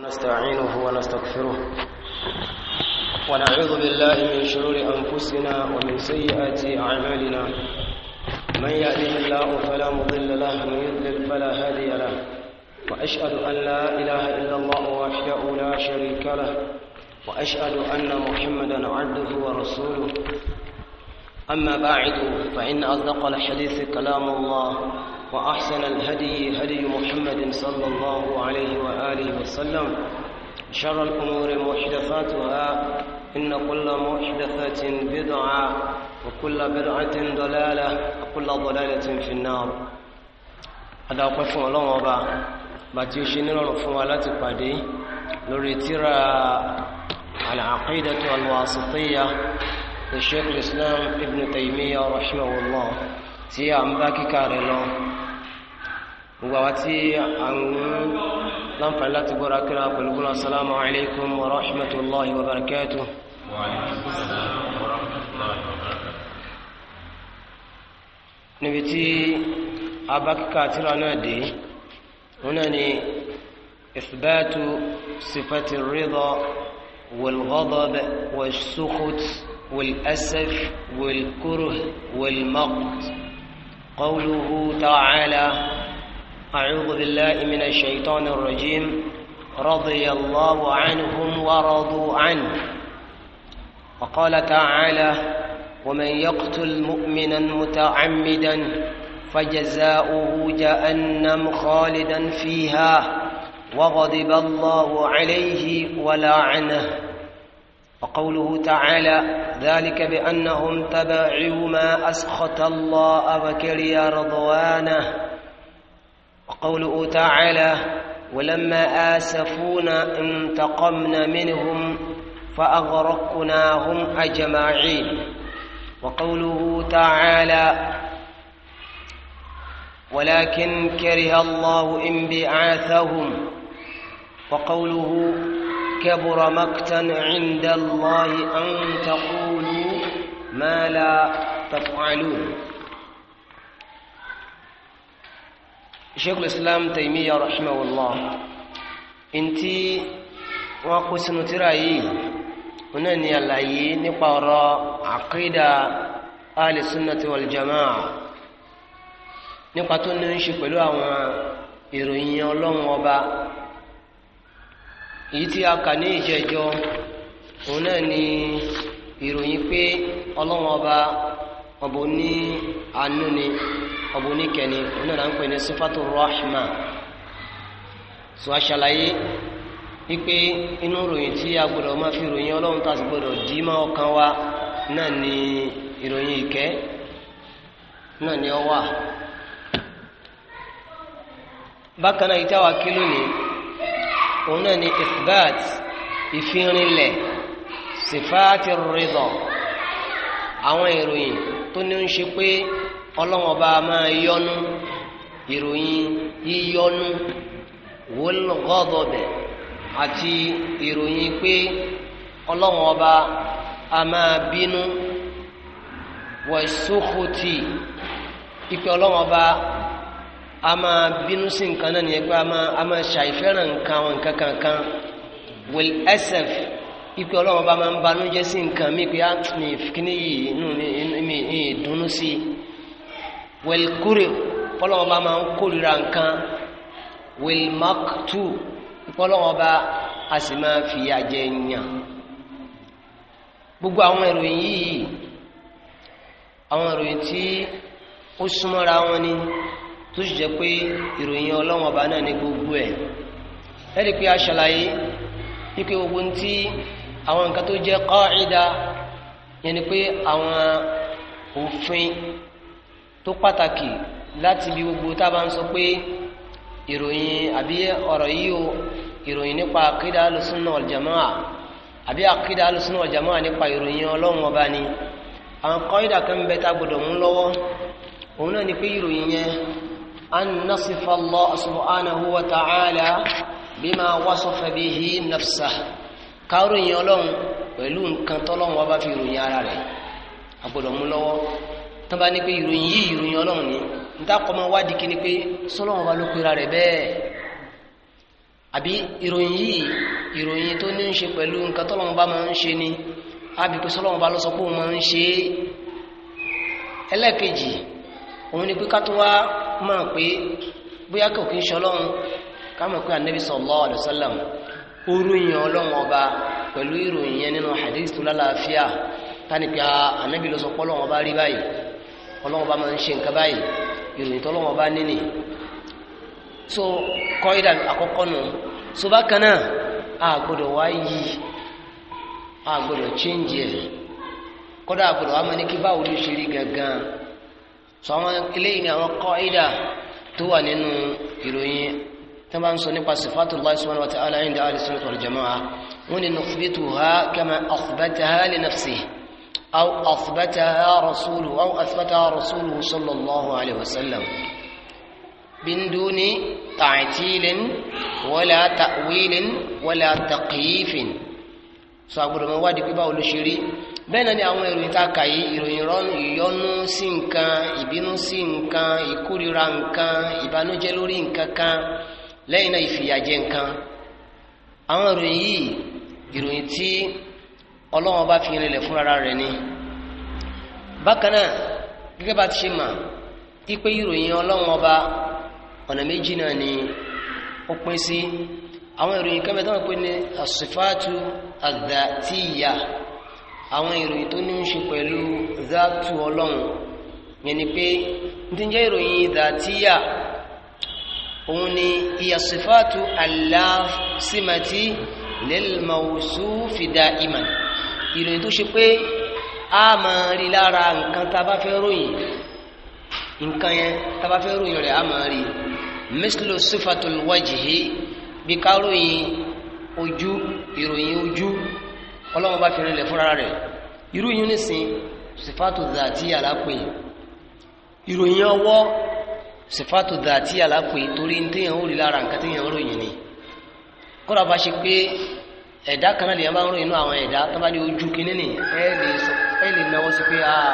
ونستعينه ونستغفره ونعوذ بالله من شرور أنفسنا ومن سيئات أعمالنا من يأله الله فلا مضل له من يضلل فلا هادي له وأشهد أن لا إله إلا الله وحده لا شريك له وأشهد أن محمدا عبده ورسوله أما بعد فإن أصدق الحديث كلام الله وأحسن الهدي هدي محمد صلى الله عليه وآله وسلم شر الأمور محدثاتها إن كل محدثة بدعة وكل بدعة ضلالة وكل ضلالة في النار هذا قف الله وبا باتي شنو فوالات قدي لوري ترى العقيدة الواسطية للشيخ الإسلام ابن تيمية رحمه الله tí a ń bá kíkà rẹ̀ lọ gbogbo àwa tí a ń láǹfààní láti gbọ́ra kíra pẹ̀lú gbọ́ra salamu alaikum wa rahmatullahi wa barakatuh níbi tí a bá kíkà tíra náà dé wọn náà ni ìfibẹ́tu sifati ridha والغضب والسخط والأسف والكره والمقت قوله تعالى أعوذ بالله من الشيطان الرجيم رضي الله عنهم ورضوا عنه وقال تعالى ومن يقتل مؤمنا متعمدا فجزاؤه جهنم خالدا فيها وغضب الله عليه ولعنه وقوله تعالى ذلك بأنهم تبعوا ما أسخط الله وكري رضوانه وقوله تعالى ولما آسفونا انتقمنا منهم فأغرقناهم أجمعين وقوله تعالى ولكن كره الله انبعاثهم وقوله كبر مقتا عند الله أن تقولوا ما لا تفعلون شيخ الإسلام تيمية رحمه الله انتي وقسن ترأيي هنا نيالاي نقرأ عقيدة آل السنة والجماعة نقرأ تنشي pẹ̀lú àwọn ìròyìn ọlọ́run ọba èyí tí a kà ní ìjẹjọ òun náà ni ìròyìn pé ọlọ́run ọba ọba oní àánú ni ọba oníkẹni òun náà ń pè ní sífàtò rahma sọ àṣàlàyé wípé inú ìròyìn tí a gbọdọ̀ máa fi ròyìn ọlọ́run tá a sì gbọdọ̀ dì ni ìròyìn ìkẹ́ náà ni ọ wà bákan náà ìtawà kí òun náà ni ithbat ìfirinlẹ̀ sifati rida àwọn ìròyìn tó ní ń ṣe pé ọlọ́wọ́n bá máa yọnu ìròyìn yíyọnu wal ghadab àti ìròyìn pé ọlọ́wọ́n a máa bínú wa sukhuti ìpè a máa bínú sí nǹkan náà nìyẹn pé a máa ṣàìfẹ́ràn nǹkan àwọn nǹkan kankan wòl ẹsẹ̀f ipe ọlọ́run bá máa ń banújẹ́ sí nǹkan mi pé á ní kíní yìí inú mi ìdùnnú sí wòl kúrè ọlọ́run bá máa ń kórìíra nǹkan wòl mákútù ipe ọlọ́run bá a sì máa fìyà jẹ yàn gbogbo àwọn ìròyìn yìí àwọn ìròyìn tí ó súnmọ́ra wọn ni tó sì jẹ́ pé ìròyìn ọlọ́wọ́n ọba náà ní gbogbo ẹ̀ ẹ́ rí i pé a ṣàlàyé wípé gbogbo ní ti àwọn nǹkan tó jẹ́ qaida yẹn ni pé àwọn òfin tó pàtàkì láti ibi gbogbo tá a bá ń sọ pé ìròyìn àbí ọ̀rọ̀ yìí o ìròyìn nípa àkídà alùsùnà ọ̀jàmáà àbí àkídà alùsùnà ọ̀jàmáà nípa ìròyìn ọlọ́run ọba ni àwọn kọ́ídà kan ń tá a gbọ́dọ̀ mú lọ́wọ́ òun náà ni pé ìròyìn yẹn أن نصف الله سبحانه وتعالى بما وصف به نفسه كارون يولون ولون كنتولون وبافي رنيارا أقول ملوه tán bá ní pé ìròyìn yìí ìròyìn ọlọ́run ni n ta kọ́ mọ́ wádìí kí ni pé sọ́lọ́run ọba ló pera rẹ̀ bẹ́ẹ̀ àbí ìròyìn yìí ìròyìn tó ní ń ṣe pẹ̀lú nǹkan tọ́lọ́run ọba máa ń ṣe ni àbí pé sọ́lọ́run ọba ló sọ pé òun máa ń ṣe é ẹlẹ́ẹ̀kejì òun ni pé ká tó wá máa pé bóyá kò kí ń ṣe ọlọ́run ká mọ̀ pé anabi sallallahu alaihi wasallam ó ròyìn ọlọ́run ọba pẹ̀lú ìròyìn yẹn nínú hadith tó lálàáfíà tani pé anabi ah, ló sọ pé ọlọ́run ọba rí báyìí ọlọ́run ọba máa ń ṣe nǹkan báyìí ìròyìn tó ọlọ́run ọba níní so kọ́ ìdà àkọ́kọ́ nù so bákan náà àgbọ̀dọ̀ wá yí àgbọ̀dọ̀ change ẹ̀ kọ́dà àgbọ̀dọ̀ wá mọ́ ní kí báwo ló ṣe rí gangan sọ àwọn eléyìí ni àwọn qaida tó wà nínú ìròyìn tí wọ́n bá ń sọ nípa sifatullahi subhanahu wa ta'ala inda ahli sunnah wal jama'a wọ́n ni nuthbituha kama athbataha li nafsihi aw athbataha rasuluhu bẹ́ẹ̀ náà ni àwọn ìròyìn tá a kà yìí ìròyìn rọ́nù ìyọnu sí nǹkan ìbínú sí nǹkan ìkórira nǹkan ìbànújẹ́ lórí nǹkan kan lẹ́yìn náà ìfìyàjẹ nǹkan àwọn ìròyìn yìí ìròyìn tí Ọlọ́hun bá fi rinlẹ̀ rẹ̀ ni bákan náà gẹ́gẹ́ bá ti ṣe mà pípé ìròyìn Ọlọ́hun ọba ọ̀nà méjì náà ni ó pín sí àwọn ìròyìn kẹ́mẹ́tọ́ pé àwọn ìròyìn tó ní ń ṣe pẹ̀lú zaatu ọlọ́run yẹn ni pé n ti jẹ́ ìròyìn zaatiya òun ni ìyàsífàtú aláṣímàtí lẹ́lmọ̀ọ́sùfì dáìmà ìròyìn tó ṣe pé a máa rí lára nǹkan tá a bá fẹ́ ròyìn nǹkan yẹn tá fẹ́ ròyìn rẹ̀ a máa rí mislu sífàtú wájìhí bí ká ròyìn ojú ìròyìn ojú ọlọ́run bá fi rinlẹ̀ fúnra rẹ̀ irú yìí nísìn sifátù dàtí àlápè ìròyìn ọwọ́ sifátù dàtí àlápè torí téèyàn ó rí lára nǹkan téèyàn ń ròyìn ni kódà bá ṣe pé ẹ̀dá kan náà lèèyàn bá ń ròyìn inú àwọn ẹ̀dá tó bá ní ojú kínní nì ẹ lè náwó sí pé a ah,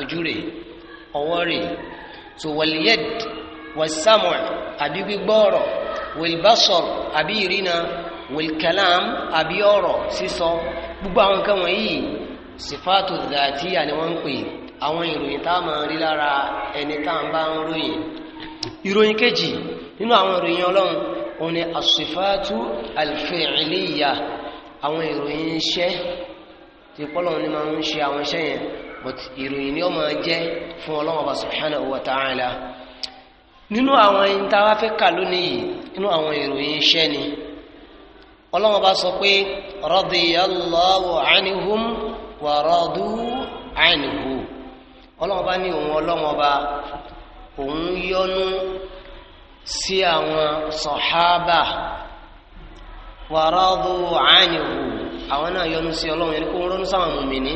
ojú rè ọwọ́ rè so wàlíyẹ́d wàsámọ̀ àbí gbígbọ́ ọ̀rọ̀ wàlbásọ̀rọ̀ àbí ìrìnà wilkalam àbí ọ̀rọ̀ sísọ gbogbo àwọn nǹkan wọ̀nyí sifatu dhatiya ni wọ́n ń pè àwọn ìròyìn tá a máa rí lára ẹni tá a bá ń ròyìn ìròyìn kejì nínú àwọn ìròyìn ọlọ́run òun ni asifatu alfi'liya àwọn ìròyìn iṣẹ́ tí pọ́lọ̀ ní máa ń ṣe àwọn iṣẹ́ yẹn but ìròyìn ni ó máa jẹ́ fún ọlọ́run ọba subhanahu wa ta'ala nínú àwọn ìntawáfẹ́ kà lónìí nínú àwọn ìròyìn iṣẹ́ ni ọlọ́wọ́n bá sọ pé radiyallahu anhum wa radu anhu ọlọ́wọ́n bá ní òun ọlọ́wọ́n bá òun yọ́nú sí àwọn sọ̀hábà wa radu anhu àwọn náà yọ́nú sí ọlọ́wọ́n yẹn kó ń rọ́nú sáwọn mùmìnì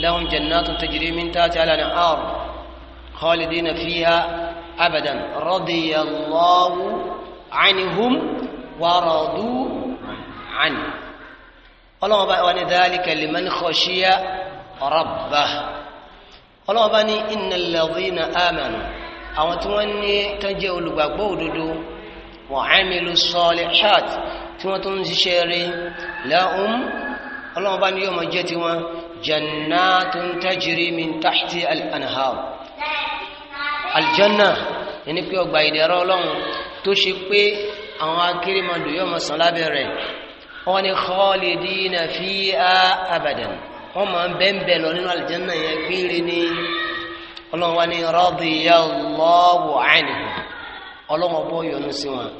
لهم جنات تجري من تحتها الانهار خالدين فيها أبدا رضي الله عنهم ورضوا عنه اللهم بقى وان ذلك لمن خشي ربه اللهم بني إن الذين آمنوا àwọn tí wọ́n ní tó jẹ́ olùgbàgbọ́ òdodo wa amilu salihat tí wọ́n tó ń jannatun tajri من تحت al-anhar aljanna ẹni pé ọgbà ìdẹ̀rọ ọlọ́run tó ṣe pé àwọn akérèmọdò yóò mọ sàn lábẹ́ rẹ̀ wọ́n ní khalidina fiha abadan wọ́n máa ń bẹ́ẹ̀ lọ nínú aljanna yẹn gbére ní ọlọ́run wa ní radiyallahu anhu ọlọ́run ọbọ̀ yọ́nú sí wọn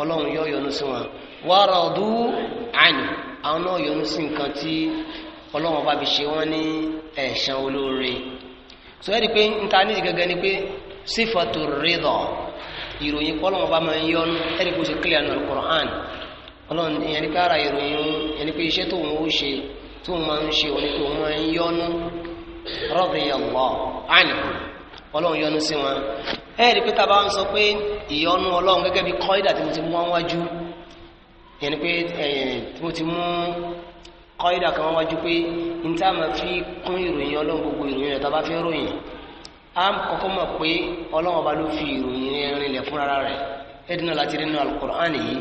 ọlọ́run yọ́ yọ́nú sí wọn wa radu anhu àwọn náà yọ́nú sí nǹkan ọlọ́wọ́n bá fi ṣe wọ́n ní ẹ̀san olóore so ẹ́ di pé n ta nídìí gẹ́gẹ́ ni pé sífọ̀tò rírọ̀ ìròyìn pé bá máa ń yọnu ẹ́ di pé ó ṣe clear nù Qur'an ọlọ́run ìyẹn ni pé ara ìròyìn ìyẹn ni pé iṣẹ́ tóun ó ṣe tóun máa ń ṣe òní tóun máa ń yọnu radiyallahu anhu ọlọ́run yọnu sí wọn ẹ́ di pé tábà ń sọ pé ìyọnu ọlọ́run gẹ́gẹ́ bí kọ́ídà tí mo ti mú wájú ìyẹn ni pé tí mo ti mú kọ́ídà kan wájú pé n tá a máa fi kún ìròyìn ọlọ́run gbogbo ìròyìn rẹ̀ a bá fẹ́ ròyìn a kọ́kọ́ mọ̀ pé ọlọ́run ọba ló fi ìròyìn rinlẹ̀ fúnra rẹ̀ ẹ̀dínà láti rí nínú alukur'an yìí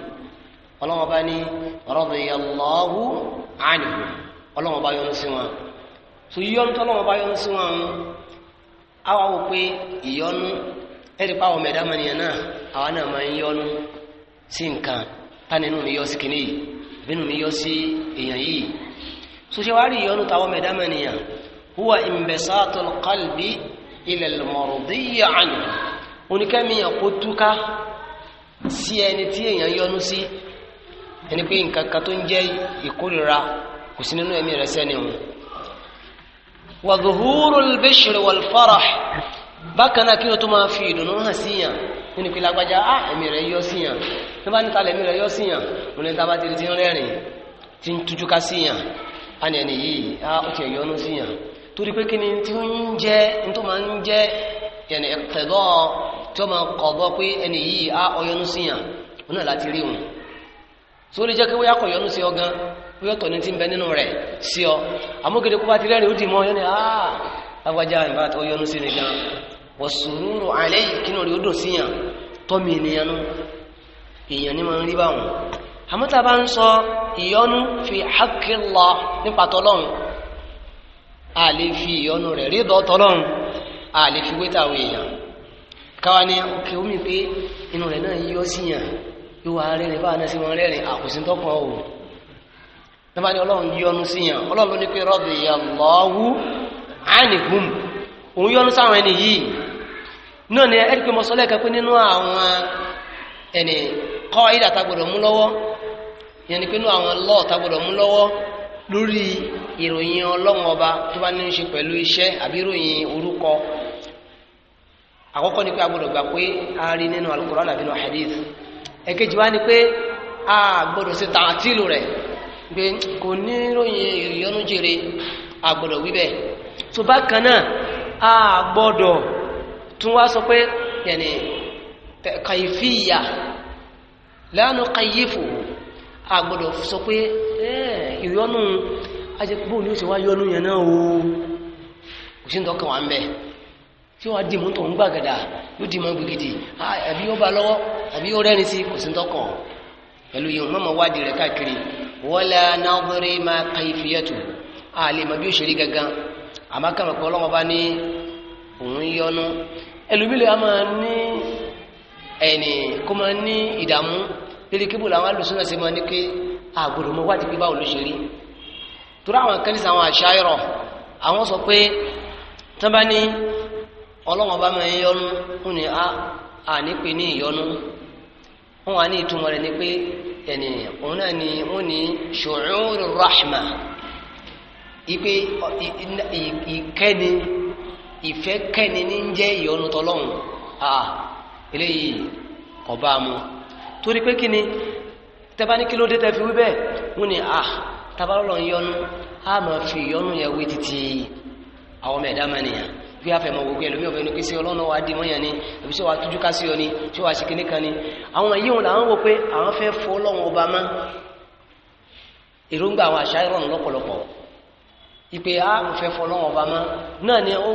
ọlọ́run ọba ní radiyallahu anhu ọlọ́run ọba yọ́nú sí wọn tó yíyọ́nú tó wọn sose wàá rí ìyọnu táwọn mẹdámẹ nìyàn huwa imbesatul qalbi ila al-mardiyya anhu oníkẹ́miyàn kó túká sí ẹni tí èèyàn yọnu sí ẹni pé nǹkan kan tó ń jẹ́ ìkórira kò sí nínú ẹ̀mí rẹ̀ sẹ́ni wọn. wa zuhurul bishri wal farah bákan náà kí ló fi ìdùnnú hàn síyàn ah, nínú pé lágbájá á ẹ̀mí rẹ̀ yọ síyàn tó bá níta lẹ̀mí rẹ̀ yọ síyàn òun ní ta bá ti ti ń rẹ́rìn-ín ti àni ẹni yìí á ó ti ẹ̀yọ́nú sí yàn torí pé kíni tí ó ń jẹ́ tó máa ń jẹ́ ẹni ẹ̀kẹ́dọ́ tí ó máa kọ̀bọ́ pé ẹni yìí á ah, ọyọ́nú sí yàn ó náà láti rí wọn lè jẹ́ kí wọ́n kọ̀ yọ́nú sí ọ gan ní ti ń bẹ nínú rẹ̀ sí ọ kó bá ti ọ yọ́nú ìbá tó yọ́nú sí ni gan wọ́n sùúrù yìí kí náà rí ó àmọ́ta bá ń sọ ìyọnu fi hákìlá nípa tọ́lọ́run a lè fi ìyọnu rẹ̀ rídọ́ tọ́lọ́run a lè fi wéta àwọn èèyàn káwa ní òkè omi pé inú rẹ̀ náà yíyọ́ sí yàn yóò wá rẹ́rìn báwa náà sí wọn rẹ́rìn àkùsíntọ́kàn o nípa ni ọlọ́run yíyọnu sí yàn ọlọ́run ló ní pé radiyallahu anhum òun yọ́nú sáwọn ẹni yìí náà ni ẹ́rì mọ́sọ́lẹ́ kan pé nínú àwọn ẹni kọ́ ìdàtàgbọ̀dọ̀ mú lọ́wọ́ yẹn ni pínú àwọn lọ́ọ̀ tágbọ́dọ̀ mú lọ́wọ́ lórí ìròyìn ọlọ́run ọba tó bá ní í ṣe pẹ̀lú iṣẹ́ àbí ìròyìn orúkọ àkọ́kọ́ ni pé agbọ́dọ̀ gbà pé a rí nínú Al-Qur'an àbí nínú hadith ẹ̀kejì wá ni pé a gbọ́dọ̀ ṣe tààtìlù rẹ̀ pé kò ní ìròyìn ìyọnu jèrè wíbẹ̀ tó bá kan náà a gbọ́dọ̀ tún wá sọ pé yẹnì kàyífìyà lánàá kàyífò a gbọ́dọ̀ sọ pé ìyọnu ajẹ́pọ̀ ní òṣèwá yọnu yẹn náà o kò sí wà ń bẹ̀ tí wọ́n á dì ń gbàgàdà yóò dì mọ́ àbí yóò bá lọ́wọ́ àbí yóò rẹ́ni sí kò sí nǹkan pẹ̀lú yóò mọ́mọ́ wádìí rẹ̀ káàkiri wala nadrima kayfiyatu a máa ní ẹni kó máa ní ìdààmú lórí kíbù làwọn alùsùnà sí mọ́ ní pé àgbòrò mọ́ wádìí pé báwo ló ṣe rí torí àwọn kan ní sàwọn àṣàyọrọ àwọn sọ pé tí wọ́n bá ní ọlọ́wọ́n bá máa ń yọnu ni ah, a ní pé ní ìyọnu wọn wà ní ìtumọ̀ rẹ̀ ni pé ẹni òun náà ni wọn ní ṣòro rahma ipe ìkẹ́ni ìfẹ́ kẹ́ni ní ń jẹ́ ìyọnu tọlọ́hun ah, eléyìí kò mu torí pé kí ni tẹ́bá ní kí ló dé tẹ́ fi wí bẹ́ẹ̀ wọ́n ní à ah, tabalọ́lọ́ ń yọnu á máa fi ìyọnu yẹn wé títí àwọn ọmọ ẹ̀dá mẹ́nìyàn bí a fẹ́ mọ gbogbo ẹlòmí ọ̀fẹ́ ní kí sí ọlọ́nà wa dì mọ́yàn ni àbí ṣé wàá tújú ká sí ọ ni ṣé wàá ṣe kíní kan ni àwọn yìí wọn làwọn wò pé àwọn fẹ́ fọ́ ọlọ́run ọba mọ́ èròǹgbà àwọn àṣà ìrọ̀rùn lọ́pọ̀lọpọ̀ ìpè á ah, fẹ́ fọ́ ọlọ́run ọba mọ́ náà ni ó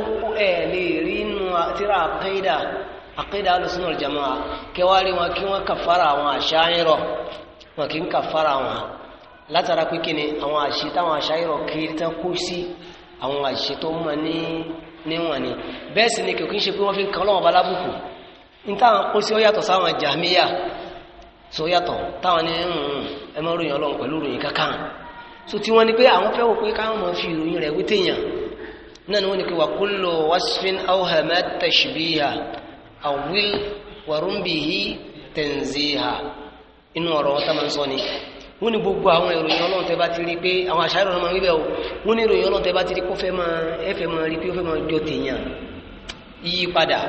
ẹ̀ lè rí inú tíra àkàídà àkídà alùsùnà jama kẹwàárí wọn kí wọ́n kàfàrà àwọn àṣáyìnrọ̀ wọn kì ń kàfàrà wọn látara pé kí ni àwọn àṣì táwọn àṣáyìnrọ̀ kiri tán kú sí àwọn àṣì tó mọ ní níwọ̀n ni bẹ́ẹ̀ sì ni kò kí ń ṣe pé wọ́n fi ń kan lọ́wọ́ balábùkù ní táwọn hmm, hmm, kó kankan so fi awil warumbihi tenziha inú ọ̀rọ̀ wọn táwọn sọ ni wọ́n ní gbogbo àwọn ìròyìn ọlọ́run tẹ́ bá ti rí pé àwọn àṣà ìrọ̀rùn máa ń wíbẹ̀ o wọ́n ní ìròyìn ọlọ́run tẹ́ bá ti rí kó fẹ́ máa ẹ̀fẹ̀ rí pé ó fẹ́ máa jọ tèèyàn yí padà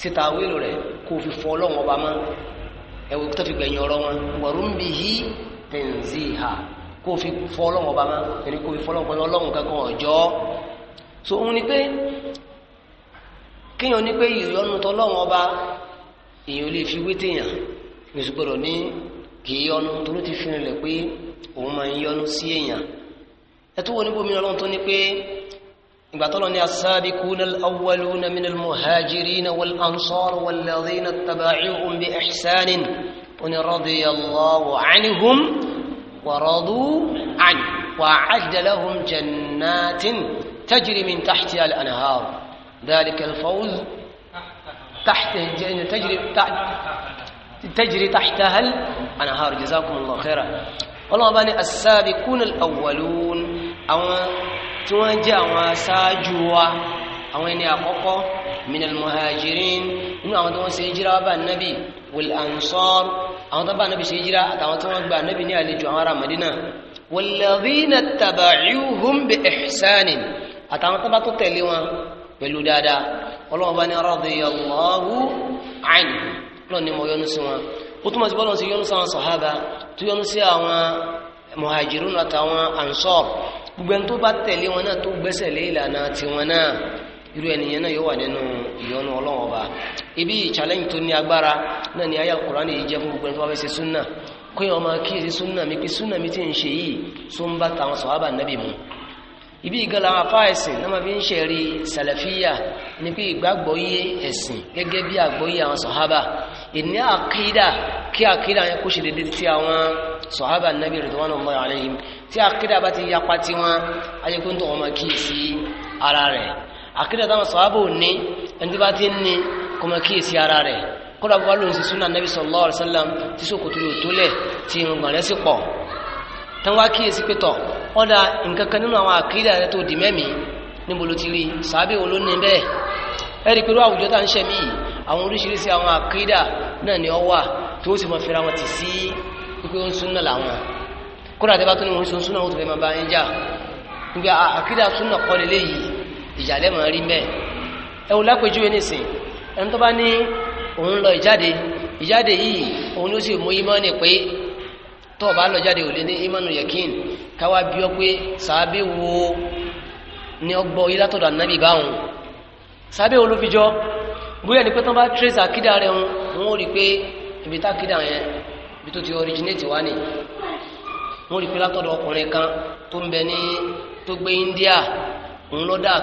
síta wílò rẹ̀ kó fi fọ́ ọlọ́run ọba mọ́ warumbihi tẹ̀nzíhà kó fi fọ́ ọlọ́run ọba mọ́ ẹni kó fi fọ́ ọlọ́run ọlọ́run kíyàn ní pé ìyọnu tọlọ́run ọba èèyàn lè fi wé téèyàn oṣù gbọdọ̀ ní kì í yọnu tó ló ti fi rinlẹ̀ pé òun máa ń yọnu sí èèyàn ẹtú wọn níbo mi ọlọ́run tó ní pé ìgbà tọ́lọ́ ní as-sabiquna al-awwaluna min al-muhajirina wal-ansar wal-ladhina ittaba'uhum bi ihsanin oni radiyallahu anhum wa radu anhu wa a'adda jannatin tajri min al-anhar ذلك الفوز تحته تجري تحت تجري تحتها الأنهار جزاكم الله خيرا والله بني السابقون الأولون أو توجا وساجوا أو إني أقوى من المهاجرين إنه أعطوا سيجرى بالنبي والأنصار او أعطوا النبي سيجرى أعطوا النبي نالي جوار مدينة والذين اتبعوهم بإحسان أعطوا تبعوا تليوان pẹ̀lú dáadáa ọlọ́run na ní radiyallahu anhu ọlọ́run ni mo yọ́nú sí wọn ó túmọ̀ sí bọ́lọ́run sí yọ́nú sí àwọn tó yọ́nú sí àwọn àtàwọn gbogbo ẹni tó bá tẹ̀lé wọn náà tó gbẹ́sẹ̀ lé ìlànà wà nínú ibi tó ní agbára náà ni ayé yìí jẹ́ fún gbogbo ẹni tó bá fẹ́ súnà ibi ìgan làwọn afá ẹ̀sìn náà fi ń ṣẹ̀rí sàlàfíà ní pé ìgbàgbọ́yé ẹ̀sìn gẹ́gẹ́ bí àgbọ́yé àwọn sọ̀hábà ìní àkídà kí àkídà yẹn kó ṣe dédé tí àwọn sọ̀hábà nàbí ridwanullahi alayhim tí àkídà bá ti yapa tí wọ́n ayékúntọ̀ ọmọ kíyèsí ara rẹ̀ àkídà táwọn sọ̀hábà ò ní ẹni tí bá ti ń ní kọmọ kíyèsí ara rẹ̀ kódà rẹ̀ sì tán wá kíyèsí pé tọ̀ ọ̀dà nǹkan kan nínú àwọn àkídà rẹ tó dì mẹ́mí níbo ló ti rí sàábẹ̀ wo ló ní bẹ́ẹ̀ ẹ̀rí pẹ̀lú àwùjọ tá ń ṣẹ̀ mí àwọn oríṣiríṣi àwọn àkídà náà ni ọ wà tí ó sì mọ̀ fẹ́ra wọn ti sí pípé ó ń súnà làwọn kódà tẹ́ bá tó ní wọn ń tó ọba bá lọ jáde ò lé ní imanu yakin káwá bí ọ pé sàábé wo ni ọgbọ́ yìí látọ̀dọ̀ ànábì báwọn sàábé wo ló fi jọ bóyá ni pé tán bá trace wọn ò rí pé ibi tá yẹn ibi tó ti originate wá ni wọn rí pé ọkùnrin kan tó ń bẹ ní tó India òun ló dá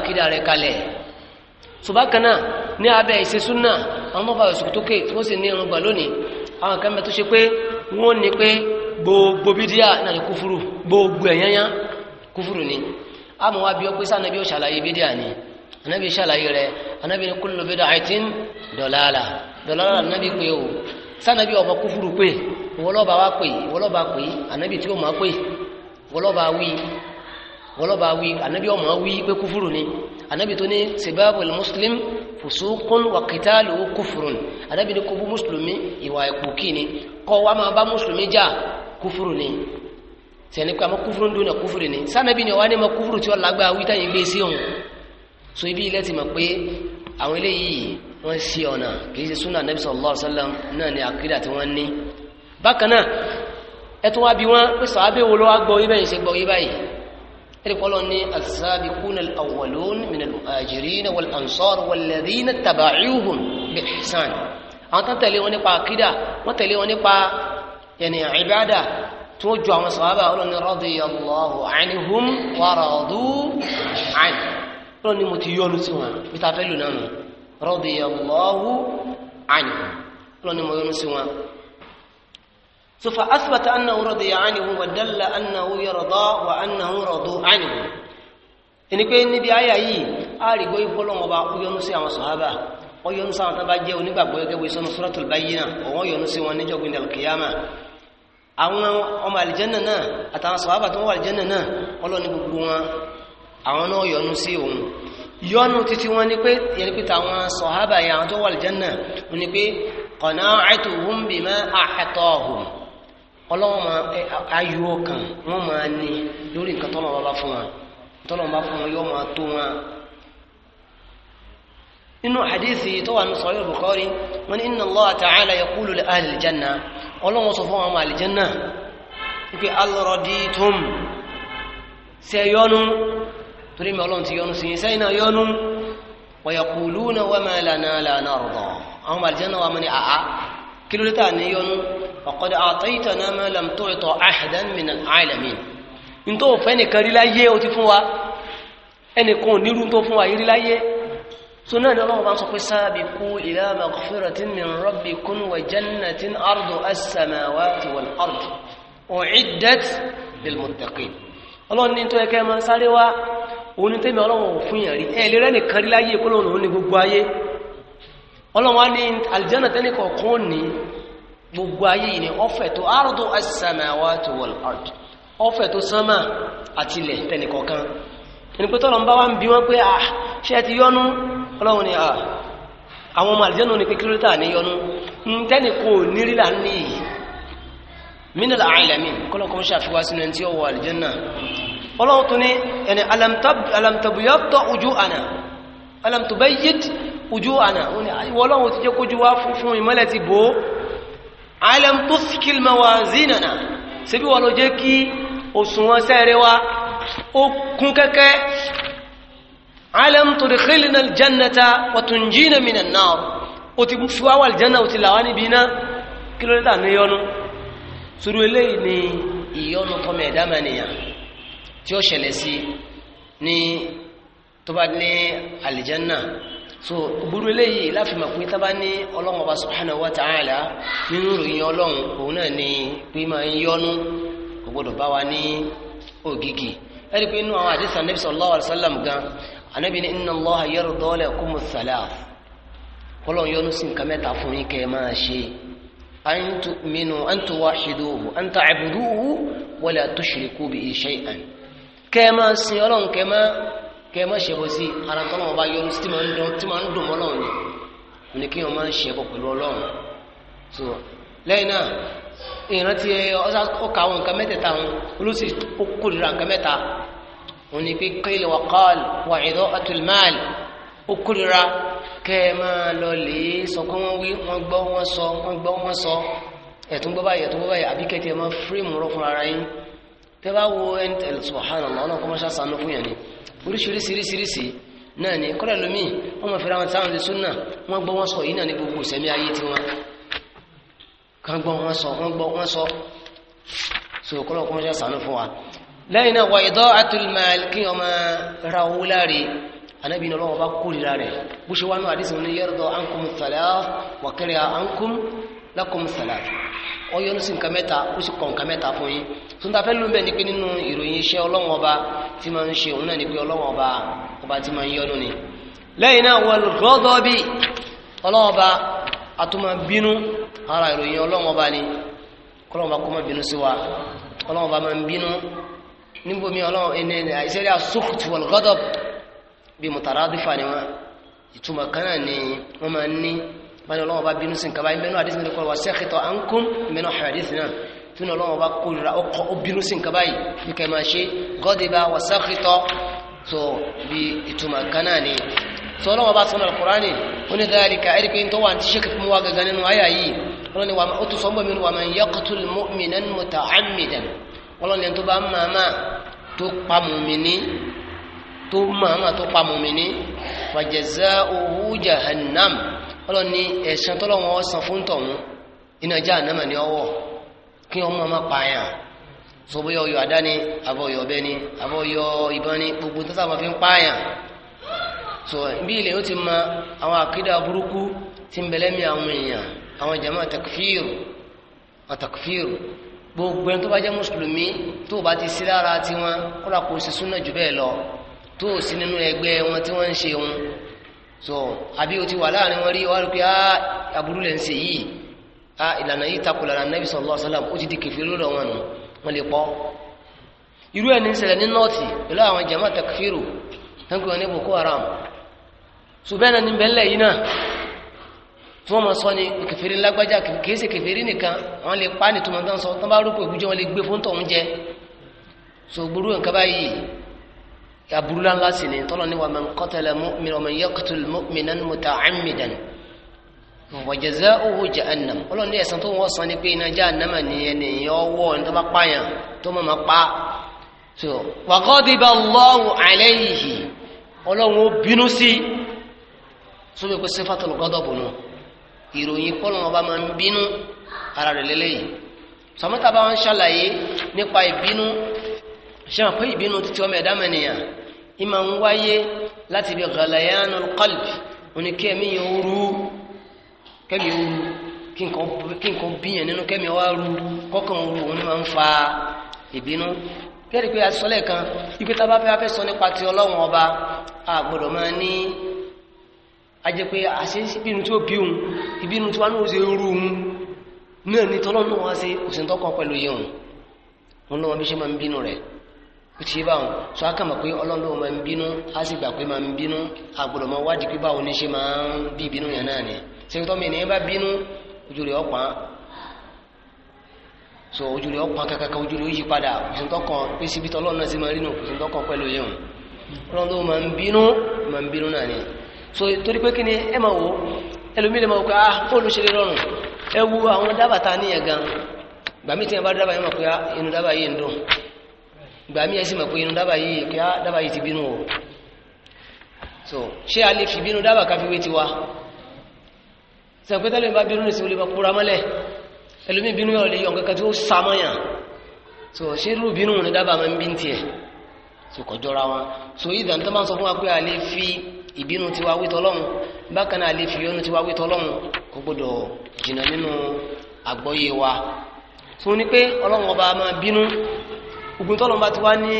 ní àwọn sì ní lónìí àwọn kan gbogbo bídíà náà ni kúfúrú gbogbo ẹ̀yányá kúfúrú ni a mọ̀ wá bí ọ pé sànàbí ò ṣàlàyé bídíà ni anabi ṣàlàyé rẹ̀ anabi ni kullu bid'atin dalala dalala anabi pé o sànàbí ọmọ kúfúrú pé wọlọ́ba wá pé wọlọ́ba pé anabi tí ó máa pé wọlọ́ba wí wọlọ́ba wí anabi ọmọ wí pé kúfúrú ni anabi tó ní sibabul muslim fùsùnkún wàkítàlù kúfùrùn adábìnrin kò bú mùsùlùmí ìwà ẹ̀pù kí ni kọ́ wa máa bá mùsùlùmí jà kúfúrú ni sẹni pé àmọ́ kúfúrú ń dúnà kúfúrú ni sànàbí ni ọwọ ni ma kúfúrú tí wọn lágbá wíta yìí gbé sí òun so ibi ilẹ̀ ti mọ̀ pé àwọn eléyìí wọ́n ṣe ọ̀nà kì í ṣe súnà nàbí sallallahu alaihi wasallam náà ni àkídà tí wọ́n ní bákan náà ẹtún wá bí pé sàábẹ̀ wo ló wá gbọ́ ibẹ̀ ṣe gbọ́ ibẹ̀ yìí ẹ̀rí pọ́lọ́ ní as-sabiquna al-awwalun min al-muhajirin wal-ansar wal-ladhina taba'uhum bi ihsan àwọn tán tẹ̀lé wọn nípa àkídà wọ́n tẹ̀lé wọn nípa yẹni ìbádà tó ju àwọn sàhábà ọlọ́ni radiyallahu anhum wa radu anhu ọlọ́ni mo ti yọ́lu sí wọn bí ta fẹ́ lò náà nù radiyallahu anhum ọlọ́ni mo yọ́lu sí wọn. سوف أثبت أنه رضي عنه ودل أنه يرضى وأنه رضوا عنه ẹni pé níbi àyà yìí a rí gbọ́ ipò lọ́wọ́ bá ó yọ́nú sí àwọn sọ̀hábà ó yọ́nú sáwọn tó bá jẹ́ onígbàgbọ́ gẹ́gẹ́ bí sọ́nà suratul bayyina àwọn ọmọ àlìjẹ́nà náà àtàwọn sọ̀hábà tó wà àlìjẹ́nà náà ọlọ́ni gbogbo wọn àwọn náà yọ́nú sí òun yọ́nú títí wọn ni pé yẹni pé tàwọn sọ̀hábà yẹn àwọn tó wà àlìjẹ́nà wọn ni pé qana'atuhum bima ahatahum ọlọ́wọ́n máa ayọ̀ ọkàn wọ́n máa ní lórí nǹkan tọ́lọ́ bá fún ọlọ́wọ́n sọ fún àwọn àlìjẹ́nà wípé alọ́rọ̀dìtùm ṣe yọnu torí mi ọlọ́run ti yọnu sí sẹ́yìn náà yọnu wọ̀yàkùlù náà wọ́n máa lànà lànà ọ̀rọ̀ àwọn àlìjẹ́nà wà mọ́ ní àá kí ló dé sunan ni ọlọ́wọ́ bá sọ pé sabiqu ila maghfiratin min rabbikum wa jannatin ardu as-samawati wal ardu u'iddat lil muttaqin ọlọ́run ní tó yẹ kẹ́ máa sáré wá òun ní tẹ́mi ọlọ́run fún yàn rí ẹ̀ lè láyé kó ní gbogbo ayé ọlọ́run ni àwọn ọmọ àlìjẹ́nu ni pé kílódítà níyọnu ntẹ́ni kò nírí là ń ní yìí mínàlá àìlẹ̀mí kọ́lọ́kọ́ ṣàfiwá sínú ẹni tí ó wọ àlìjẹ́nu náà ọlọ́run tún ní ẹni alamtabuyọ́tọ̀ ojú àná alamtubayyid ojú àná ìwọ ọlọ́run ti jẹ́ kójú alam tudkhilna aljannata wa tunjina minan nar ó ti fi wá wá aljanna ó ti là wá níbi iná kí ló dé ní yọnu sùúrù eléyìí ni ìyọnu fọmọ ẹ̀dá mẹ́nìyàn tí ó ṣẹlẹ̀ sí ní tó bá ní aljanna so gbúrú eléyìí láfimà pé tá bá ní ọlọ́run ọba subhanahu wa ta'ala nínú ìròyìn ọlọ́run òun náà ni pé máa ń yọnu kò wa ní ògìgì ẹ̀rí pé inú àwọn àdìsàn Nabi sallallahu gan anabi ni inna allaha yarda lakum thalath kọlọ yọnu sí nǹkan mẹ́ta fún yín kẹ́ máa ṣe an tu'minu an tuwahiduhu an ta'buduhu wala tushriku bihi shay'an kẹ́ máa sin Ọlọ́run kẹ́ máa kẹ́ máa ṣẹbọ sí ara tọrọ ọba yọnu sí tí máa ń dùn tí máa ń dùn mọ́lọ́run ni ni kí wọn máa ń ṣẹbọ pẹ̀lú Ọlọ́run so lẹ́yìn náà ìrántí ọkà àwọn nǹkan mẹ́tẹ̀ẹ̀ta wọn olùsí ó kórìíra òun ni pé qil wa qal wa idha'atul mal ó kórira kẹ́ ẹ máa lọ lè sọ pé wọ́n wí wọ́n gbọ́ wọ́n sọ wọ́n gbọ́ wọ́n sọ ẹ̀tún gbọ́ báyìí ẹ̀tún gbọ́ báyìí àbí kẹ́tì ẹ̀ máa fírímù rọ fún ara yín tẹ́ bá wo ẹ̀ńtẹ̀l subhanallah ọlọ́run kọ́ máa ṣàṣàánú fún yàn ni oríṣiríṣiríṣiríṣi náà ni kọ́lẹ̀ lómi wọ́n máa fẹ́ra wọn táwọn lè súnà wọ́n gbọ́ wọ́n sọ yìí náà gbogbo ìsẹ̀mí ayé tí wọ́n kan gbọ́ wọ́n sọ wọ́n gbọ́ wọ́n sọ so kọ́lọ̀ kọ́ máa ṣàṣàánú fún wa lẹ́yìn náà wà ida'atul mal kí ọmọ ra owó láre anábì ní ọlọ́wọ́ bá kórìíra rẹ̀ bó ṣe wá ní àdísì ní yarda ankum thalath wa kariha ankum lakum thalath ọyọ́ ní sí nǹkan mẹ́ta ó sì kọ̀ nǹkan mẹ́ta fún yín tó ń ta fẹ́ ló ń bẹ̀ ni pé nínú ìròyìn iṣẹ́ ọlọ́wọ́ ọba tí máa ń ṣe òun náà ni pé ọlọ́wọ́ ọba ọba tí máa ń yọ́nú ni lẹ́yìn náà wal níbomi ọlọ́run ẹni àìsẹ́rí àsókùtù wal ghadab bí mutaradhifa ni wọn ìtumọ̀ kan náà ni wọ́n máa ń ní báyìí ọlọ́run bá bínú sí nǹkan báyìí mẹ́nu àdísìn ní kọ́ wa sakhita ankum mẹ́nu àdísìn náà tí wọ́n ọlọ́run bá kórira ọkọ̀ ó bínú sí nǹkan báyìí bí kẹ́ máa ṣe ghadiba wa sakhita tó bí ìtumọ̀ kan ni tó ọlọ́run bá sọ̀rọ̀ alukurani ó ní dhalika ẹ̀rí pé tó wà ní ṣe kí wọ́n gàgán nínú ayà yìí wọ́n ní ó tún sọ ọlọ́ni ẹni tó bá màmá tó pa mùmíní tó màmá tó pa mùmíní fajaza'uhu jahannam ọlọ́ni ẹ̀san tọ́lọ́wọ́n ọ̀sán fún tọ̀hún iná jahannama ni ọwọ́ kí wọ́n mọ̀ máa pààyàn sọ́bọ́ yọ ọyọ̀ àdáni abọ́yọ̀ ọbẹ̀ ni abọ́yọ̀ ìbọn ni gbogbo tó sábà fi ń pààyàn so bí ilẹ̀ ó ti ma àwọn àkídà burúkú ti ń bẹ̀lẹ́mí àwọn èèyàn àwọn jama takfiru àtakfiru gbogbo ẹni tó bá jẹ́ mùsùlùmí tó bá ti sí lára tiwọn kódà kò sí súnà jù bẹ́ẹ̀ lọ tó sí nínú ẹgbẹ́ wọn tí wọ́n ń ṣe wọn so àbí o ti wà láàrin wọn rí wọ́n rí pé ah aburú lẹ́ ń ṣe yìí ah ìlànà yìí takò lára nàbì sallallahu alaihi wasallam ó ti di kẹfì lórí wọn nù wọn lè pọ́ irú ẹni ṣẹlẹ̀ ní nọ́ọ̀tì pẹ̀lú àwọn jama takfiru tán kí wọn ní Boko Haram tí wọ́n ma sọ ni kèfèrí lágbájá kèése kèfèrí nìkan wọ́n lè pa ní tòmọ̀tán sọ tán bá rúkò ìgbújẹ́ wọ́n lè gbé fún tọ̀hún jẹ so gbúrú nǹkan báyìí aburú láńlá sí ni tọ́lọ̀ ní wàmẹ̀ qatala mu'minan wa man yaqtul mu'minan muta'ammidan wa jaza'uhu jahannam ọlọ́ni ẹ̀sán tó wọ́n sọ ni pé iná jahannama ni ẹni ọwọ́ ní tó tó mọ̀ máa pa so wa ghadiba Allahu alayhi bínú sí sóbi pé sífàtàlù gọ́dọ̀ bùnú ìròyìn kọ́lọ́n ọba máa ń bínú ara rẹ̀ lélẹ́yìí sọmọta bá wọn ṣàlàyé nípa ìbínú ṣe wọn pé ìbínú títí ọmọ ẹ̀dá mẹ́nìyàn ìmọ̀ ń wáyé láti ibi gàlàyánú kọ́lbì òní kẹ́mi yẹn ó rú kẹ́mi ó rú kí nǹkan bíyàn nínú kẹ́mi wá rú kọ́kàn rú òun máa ń fa ìbínú kẹ́rì pé asọ́lẹ̀ kan ibi tá fẹ́ sọ nípa ti ọlọ́run ọba àgbọ̀dọ̀ máa ní ajẹ́ pé àṣẹ ìbínú tí ó bí òun ìbínú tí wọ́n náà ṣe rú òun náà ní tọ́lọ́nù wá sí òṣèntọ́kọ̀ pẹ̀lú yẹun wọn lọ́wọ́ bí ṣe máa ń bínú rẹ̀ ti bá wọn á pé máa ń bínú sì gbà pé máa ń bínú pé báwo ní ṣe máa ń bí ìbínú yẹn náà ni ènìyàn bá bínú ojú rẹ̀ ọ̀pá so ojú rẹ̀ ọ̀pá kankan ojú rẹ̀ ó yí padà òṣèntọ́kọ̀ pé síbi tọ́lọ́run so torí pé kí ni ẹ máa wò ó ẹlòmíì lè máa wò pé ah bóòlù ṣe lè rọrùn ẹ wu àwọn dábàá ta níyẹn gan gbàmí tí wọn bá dábàá yẹn máa pé ah, inú dábàá yìí ń dùn gbàmí ẹ sì máa pé inú dábàá yìí pé ah, dábàá yìí ti bínú o so ṣé a lè fi bínú dábàá ká fi wé tiwa sẹ̀pẹ́ tẹ́lẹ̀ bá bínú nìsí olè bá kúra mọ́lẹ̀ ẹlòmíì bínú yọ̀ lè yọ̀ nǹkan tí so ṣé irú bínú ni dábàá so kọjọ́ra wọn so ìdàn tó máa ń fi ìbínú tiwa wí tọlọ́run bákan náà lè fi yọnu tiwa wí tọlọ́run kò gbọdọ̀ jìnnà nínú àgbọ́yé wa tó ní pé ọlọ́run ọba máa bínú ogun tọ́lọ́run bá ti wá ní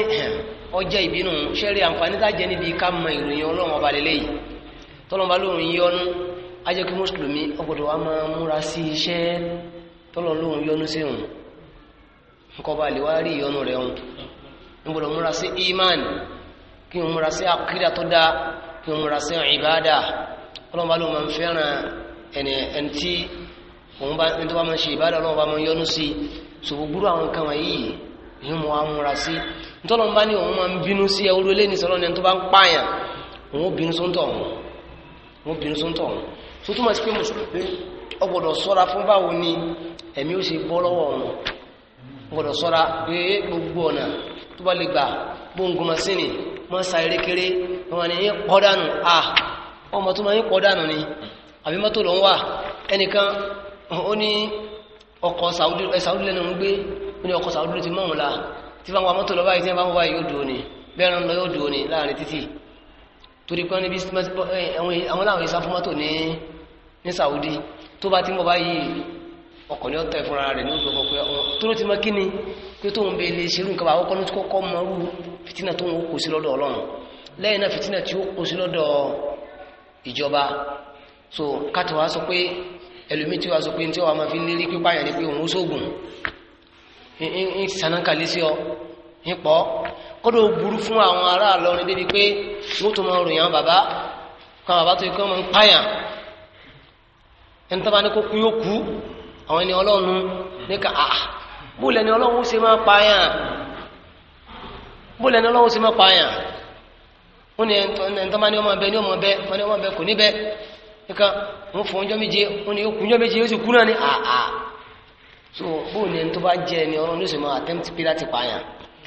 ọjọ́ ìbínú ṣẹ́rí àǹfààní tájẹ́ níbi ká mọ ìròyìn ọlọ́run ọba lélẹ́yìí tọ́lọ́run bá lóun yọnu á jẹ́ kí mùsùlùmí ọgbọ̀dọ̀ wa máa múra sí iṣẹ́ tọ́lọ́run lóun yọnu sí òun nǹkan ọba lè wá rí ìyọnu rẹ̀ òun ń gbọdọ̀ múra sí iman kí n múra sí àkídà tó dáa kí wọ́n múra sí ìbáàdà ọlọ́run bá ló máa ń fẹ́ràn ẹni ẹni tí òun bá ẹni tó bá máa ń ṣe ìbáàdà ọlọ́run bá máa ń yọ́nú sí ṣògbúrú àwọn nǹkan wọ̀nyí ni mo á múra sí ntọ́lọ́run bá ní òun máa ń bínú sí ẹwúrú lé nìsọ́lọ́ ni tó bá ń pààyàn òun bínú sóńtọ̀ òun tó túmọ̀ sí pé mùsùlùmí ó gbọ́dọ̀ sọ́ra fún báwo ni ẹ̀mí ó ṣe bọ́ lọ́wọ́ òun ó gbọ́dọ̀ sọ́ra pé gbogbo ọ̀nà tó bá lè gbà gbóngbó masínì mọ́ sa erékeré wọn ni yín pọ́dánù à ọmọ tó máa yín pọ́dánù ni àbí mọ́tò ló ń wà ẹnìkan ó ní ọkọ̀ sàúdí lẹ́nu ń gbé ó ní ọkọ̀ sàúdí ló ti mọ́hùn la tí bá ń wa mọ́tò lọ báyìí tí bá ni bẹ́ẹ̀ lọ yóò dùn ni láàrin títì torí pé níbi àwọn láwọn ìsá fún mọ́tò ní ní sàúdí tó bá ti mọ́ báyìí ọkọ̀ ní ọ̀tọ̀ ìfúnra rẹ̀ ní ojú tó ló ti mọ́ kíni pé tóun bẹ lẹ́yìn náà fìtínà tí ó kó sí lọ́dọ̀ ìjọba so káàtì wá sọ pé ẹlòmí tí wá sọ pé tí wàá máa fi lérí pípa yẹn ni pé òun sóògùn ń sànákàlẹ́ sí ọ ń pọ́ kọ́dọ̀ burú fún àwọn ará àlọ́rin débi pé wọ́n tó máa ròyìn àwọn bàbá kan bàbá tó yẹ kí wọ́n máa ń pààyàn ẹni tó bá ní kó kú yóò kú àwọn ẹni ọlọ́run ní ká àà ah, bóòlù ẹni ọlọ́run ó ṣe máa pààyàn bóòlù ẹni ọlọ́run ó ṣe máa pààyàn wọ́n ní ẹ̀ntọ́ máa ní ọmọ ọbẹ̀ ní ọmọ ọbẹ̀ wọ́n ní ọmọ ọbẹ̀ kò ní bẹ́ nìkan wọ́n fún ọjọ́ méje wọ́n ní okùn ọjọ́ méje yóò sì kú náà ní àà so bóò ní ẹni tó bá jẹ ẹni ọ̀rọ̀ lóṣù máa attempt pé láti pààyàn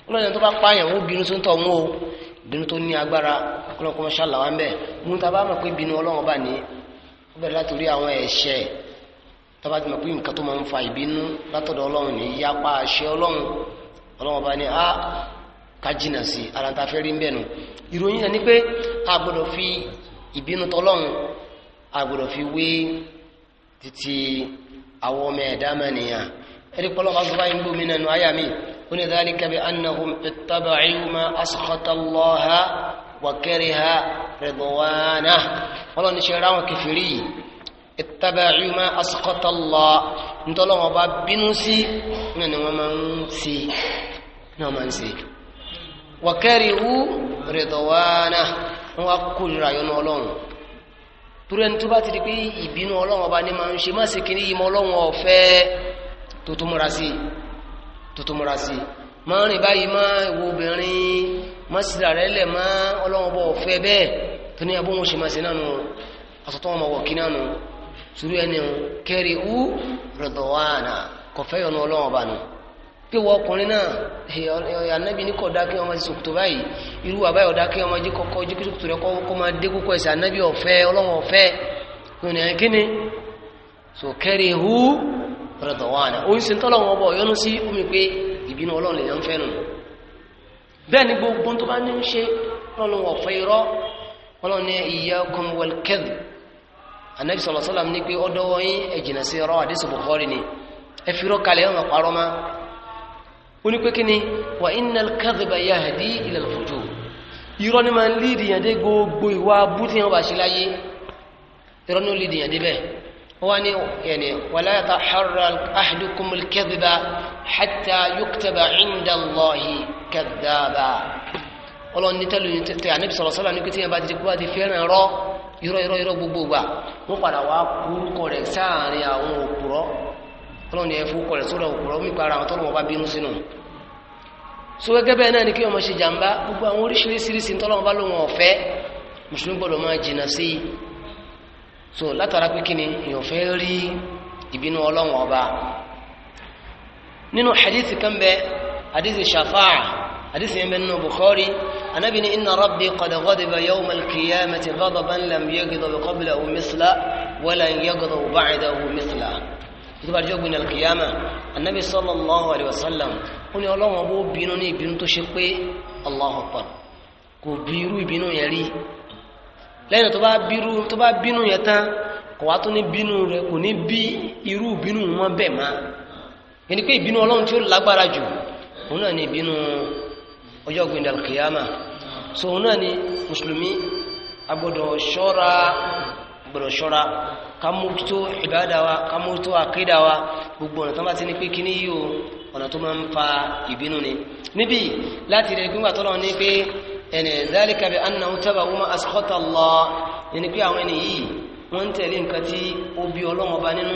wọ́n ní ẹni tó bá pààyàn wọ́n bínú tó ń tọ̀ wọ́n o bínú tó kájìnà sí ara ń ta fẹ́ rí ń bẹ̀nu ìròyìn náà ni pé a gbọ́dọ̀ fi ìbínú tọlọ́run a gbọ́dọ̀ fi wé títí àwọn ọmọ ẹ̀dá mẹ́nìyàn ẹ̀rí pọ́lọ́ bá sọ báyìí ń gbómi nínú àyà mi ó ní dhalika bi annahum ittaba'u ma askhata Allaha wa kariha ridwanahu ọlọ́ni ṣe ra wọn kẹfìrí yìí ittaba'u ma askhata Allah ntọ́lọ́wọ́n bá bínú sí náà ni wọ́n máa ń ṣe náà máa ń ṣe wàkẹ́rì wú rẹ̀dọ̀wánà wọn wá kó nira yọnu ọlọ́run torí ẹni tó bá ti di pé ìbínú ọlọ́run ọba ní ma ń ṣe má sì kí ní ìmọ̀ ọlọ́run ọ̀fẹ́ tó tó múra sí tó tó múra sí máa rìn báyìí má ìwọ obìnrin má sì rà lẹ̀ má ọlọ́run ọba ọ̀fẹ́ bẹ́ẹ̀ tó ní pé wọ ọkùnrin náà anabi ní kò dá kí ọmọ sí sòkòtò báyìí irú àbáyọ̀ ọ̀dá kí ọmọ jí kọ́kọ́ jí kí sòkòtò rẹ kọ́ máa dé púpọ̀ ẹ̀sẹ̀ anabi ọ̀fẹ́ ọlọ́wọ̀n ọ̀fẹ́ lónìí ẹ̀ kíni so kẹ́rì hu rẹ̀dọ̀wánà ó ń sin tọ́lọ́wọ́n ọbọ̀ yọnu sí omi pé ìbínú ọlọ́run lèèyàn fẹ́ nù bẹ́ẹ̀ ni gbogbo tó bá ní ń ṣe ọlọ́run ọ̀fẹ́ irọ́ ọlọ́run ní iyyakum wal kadhib anabi sallallahu alaihi ní pé ọdọ́wọ́ yín ẹ̀jìnà sí irọ́ àdéṣe Bukhari ni ẹ fi irọ́ kalẹ̀ ẹ̀ ń máa oní pé kí ni wa innal kadhiba yahdi ila al-fujur irọ́ ni máa ń líìdì yàn dé gbogbo ìwà bútí yàn bá ṣe láyé irọ́ ni ó líìdì yàn dé bẹ́ẹ̀ wọ́n ní yẹni wala yataharra ahadukum al-kadhiba hatta yuktaba inda Allahi kadhaba ọlọ́run ní tẹ́lu yìí tẹ́ àníbi ọlọ́run ni ẹ fún kọlẹ̀ sórí òkúrọ̀ omi para àwọn tọ́lọ́wọ́ bá bínú sínú so gẹ́gẹ́ bẹ́ẹ̀ náà ni kí ọmọ ṣe jàǹbá gbogbo àwọn oríṣiríṣiríṣi tọ́lọ́wọ́ bá lóun ọ̀fẹ́ mùsùlùmí gbọ́dọ̀ máa jìnà sí i so látara pé kí ni rí ìbínú ọlọ́run ọba nínú hadithi kan bẹ hadithi shafa'a hadithi yẹn bẹ nínú bukhari anabi ni inna rabbi qad ghadiba yawma al-qiyamati ghadaban lam yaghdabu qablahu mithla wa lan yaghdabu ba'dahu mithla tó bá jọ gbin sallallahu alayhi wa sallam ó ní ọlọ́wọ́n bó bínú ní ìbínú tó ṣe pé Allahu Akbar kò bí irú ìbínú yẹn rí lẹ́yìn tó bá bínú yẹn tán kò wá tó ní bínú rẹ kò ní bí irú ìbínú wọn bẹ̀ má ẹni pé ìbínú ọlọ́run tí ó lágbára jù òun náà ni ìbínú ọjọ́ gbin ká mójútó ìbádà wa ká mójútó àkídà wa gbogbo ọ̀nà tó bá ti ní pé kíní yìí o ọ̀nà tó máa ń fa ìbínú ni níbi láti rẹ̀ gbígbà tọ́lọ́ ní pé ẹ̀nẹ̀ dhalika bi annahu tabahu ma askhata Allah ẹni pé àwọn ẹni yìí wọ́n ń tẹ̀lé nǹkan tí ó bí ọlọ́wọ́n nínú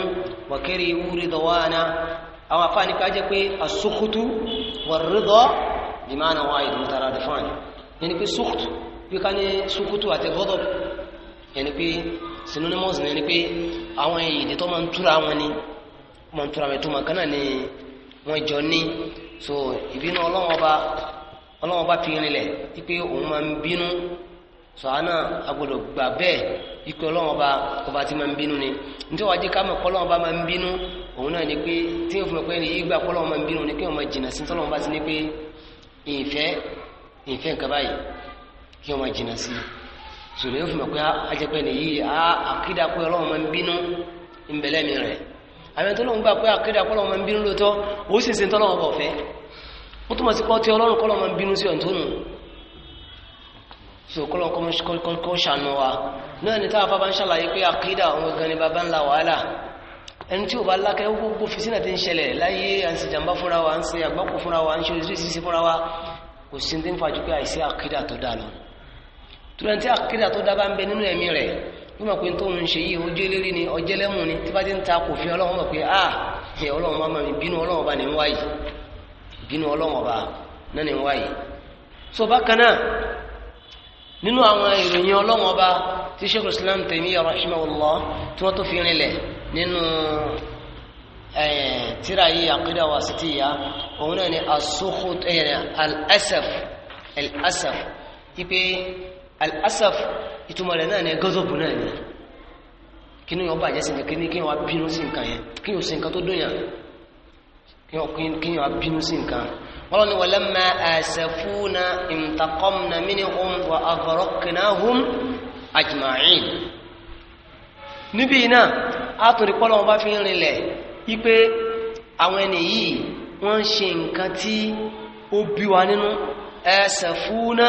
wa karihu ridwana ẹni pé synonymous ni pé àwọn èdè tó máa ń túra ni máa ń túra wọn tó máa ni wọ́n jọ ní so ìbínú ọlọ́wọ́n ọba ọlọ́wọ́n ọba fi rinlẹ̀ wípé òun máa ń bínú so àná agbọ́dọ̀ gbà bẹ́ẹ̀ wípé ọlọ́wọ́n ọba ọba ti máa ń bínú ni nítorí wàá jẹ́ ká mọ̀ kọ́lọ́wọ́n ọba máa ń bínú òun náà ni pé tí yóò fún mi pé ní ìgbà kọ́lọ́wọ́n máa ń bínú ni kí wọ́n máa jìnnà sí tọ́lọ́wọ́n bá ti ní pé ìfẹ́ ìfẹ́ nǹkan báyìí kí wọ́n máa jìnnà sí i sòlè yóò fi mọ̀ pé ajẹ́pẹ́ nìyí àkídà pé ọlọ́run máa ń bínú ń bẹ̀lẹ́ mi rẹ̀ àwọn ẹni tó lóun gbà pé àkídà pé ọlọ́run máa ń bínú lóòótọ́ ó sì ń sin tọ́lọ́run bọ̀ fẹ́ ó túmọ̀ sí pọ́ọ́tì ọlọ́run kọ́ lọ́run máa ń bínú sí ọ̀tún nù so kọ́lọ́run kọ́ ṣàánú wa náà ni táwọn bá ń ṣàlàyé pé ni bàbá ńlá wàhálà ẹni tí ò bá lákẹ́ gbogbo fìsínà ti ń ṣẹlẹ̀ láyé à ń ṣe jàǹbá fúnra wa à ń ṣe àgbákò fúnra wa à ń ṣe oríṣiríṣi fúnra wa kò sí ti ń fa pé àìsí àkídà tó dáa lọ tùmọ̀n tí àkídà tó dábàá ń bẹ nínú ẹ̀mí rẹ̀ ló mọ̀ pé tó ń ṣe yìí ojú eléré ni ọjẹ́ lẹ́mù ni tí bá ti ń ta kò fi ọlọ́run mọ̀ pé a ẹ̀ ọlọ́run bá mọ̀ mí bínú ọlọ́run ọba ní ń wáyì bínú ọlọ́run ọba náà ní ń wáyì. so bákan náà nínú àwọn ìròyìn ọlọ́run ọba tí sheikh islam Taymiyya rahimahullah tí wọ́n tó fi rinlẹ̀ nínú tíra yìí àkídà wasitiyya òun ni as-sukhut al-asaf al al'asaf asaf ìtumọ̀ rẹ̀ náà ni gọ́zọ̀bù náà ni kí ní ọba àjẹ́sì ní kí ní kí wọ́n bínú sí nǹkan yẹn kí o sí nǹkan tó dóyàn kí wọ́n bínú sí nǹkan wọ́n asafuna intaqamna minhum wa aghraqnahum ajma'in níbi iná átùrí pọ́lọ́ wọn bá fi rinlẹ̀ wípé àwọn ẹni yìí wọ́n ṣe nǹkan tí asafuna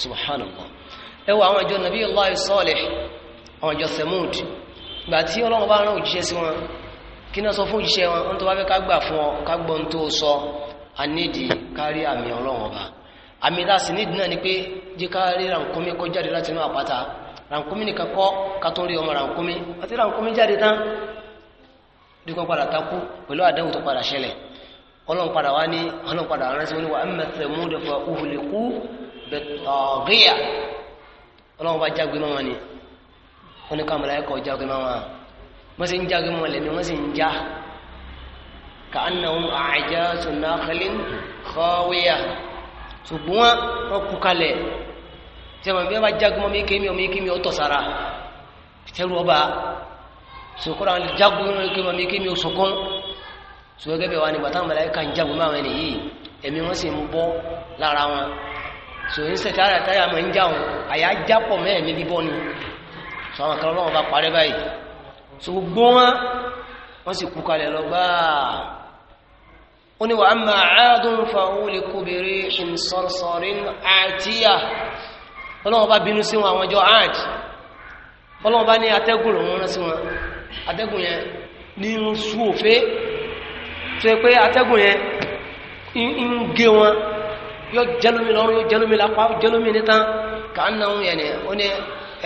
subhanallah ẹ wo àwọn ìjọ nàbí allah salih àwọn ìjọ semud gbà tí ọlọ́run bá rán òjíṣẹ́ sí wọn kí náà sọ fún òjíṣẹ́ wọn ohun tó bá fẹ́ ká gbà fún ọ ká sọ a nídìí kárí àmì ọlọ́run ọba àmì láti nídìí náà ni pé jẹ́ ká rí rànkómi kó jáde láti inú àpáta rànkómi nìkan kọ́ ká tó rí ọmọ àti jáde tán dípò padà takú pẹ̀lú tó padà ṣẹlẹ̀ bẹtọgíyà ọlọ́wọ́n bá jágbe mọ́ wọn ni wọn ni ká mọ̀lá ẹ̀kọ́ jágbe mọ́ wọn wọ́n sì ń jágbe mọ́ wọn lẹ́nu wọ́n sì ń já ka annahum a'jazu nakhlin khawiyah ṣùgbọ́n wọn kú kalẹ̀ tí wọn bí wọn bá jágbe mọ́ mi kémi omi kémi ọ̀tọ̀ sára tẹ́rù ọba sòkòrò àwọn jágbe mọ́ mi kémi ọ̀sọ̀kún sòkòrò gẹ́gẹ́ wà ní bàtà mọ̀lá ẹ̀ka ń mọ́ àwọn ẹni yìí ẹ̀mí wọn sì ń bọ́ lára wọn. so ẹsẹ̀ táyà táyà ya ń já wọn àyà jápọ̀ mẹ́rin ní bíbọ́ ni so àwọn kan ọlọ́wọ́n bá parẹ́ báyìí so wọn wọ́n sì lọ ó ní àádùn fa òun lè àtíyà ọlọ́wọ́n bá bínú sí wọn àwọn ọjọ́ ni yóò jẹlómi lọ́rùn yóò jẹlómi lápá yóò jẹlómi nítan kàánà ń yẹn ni ó ní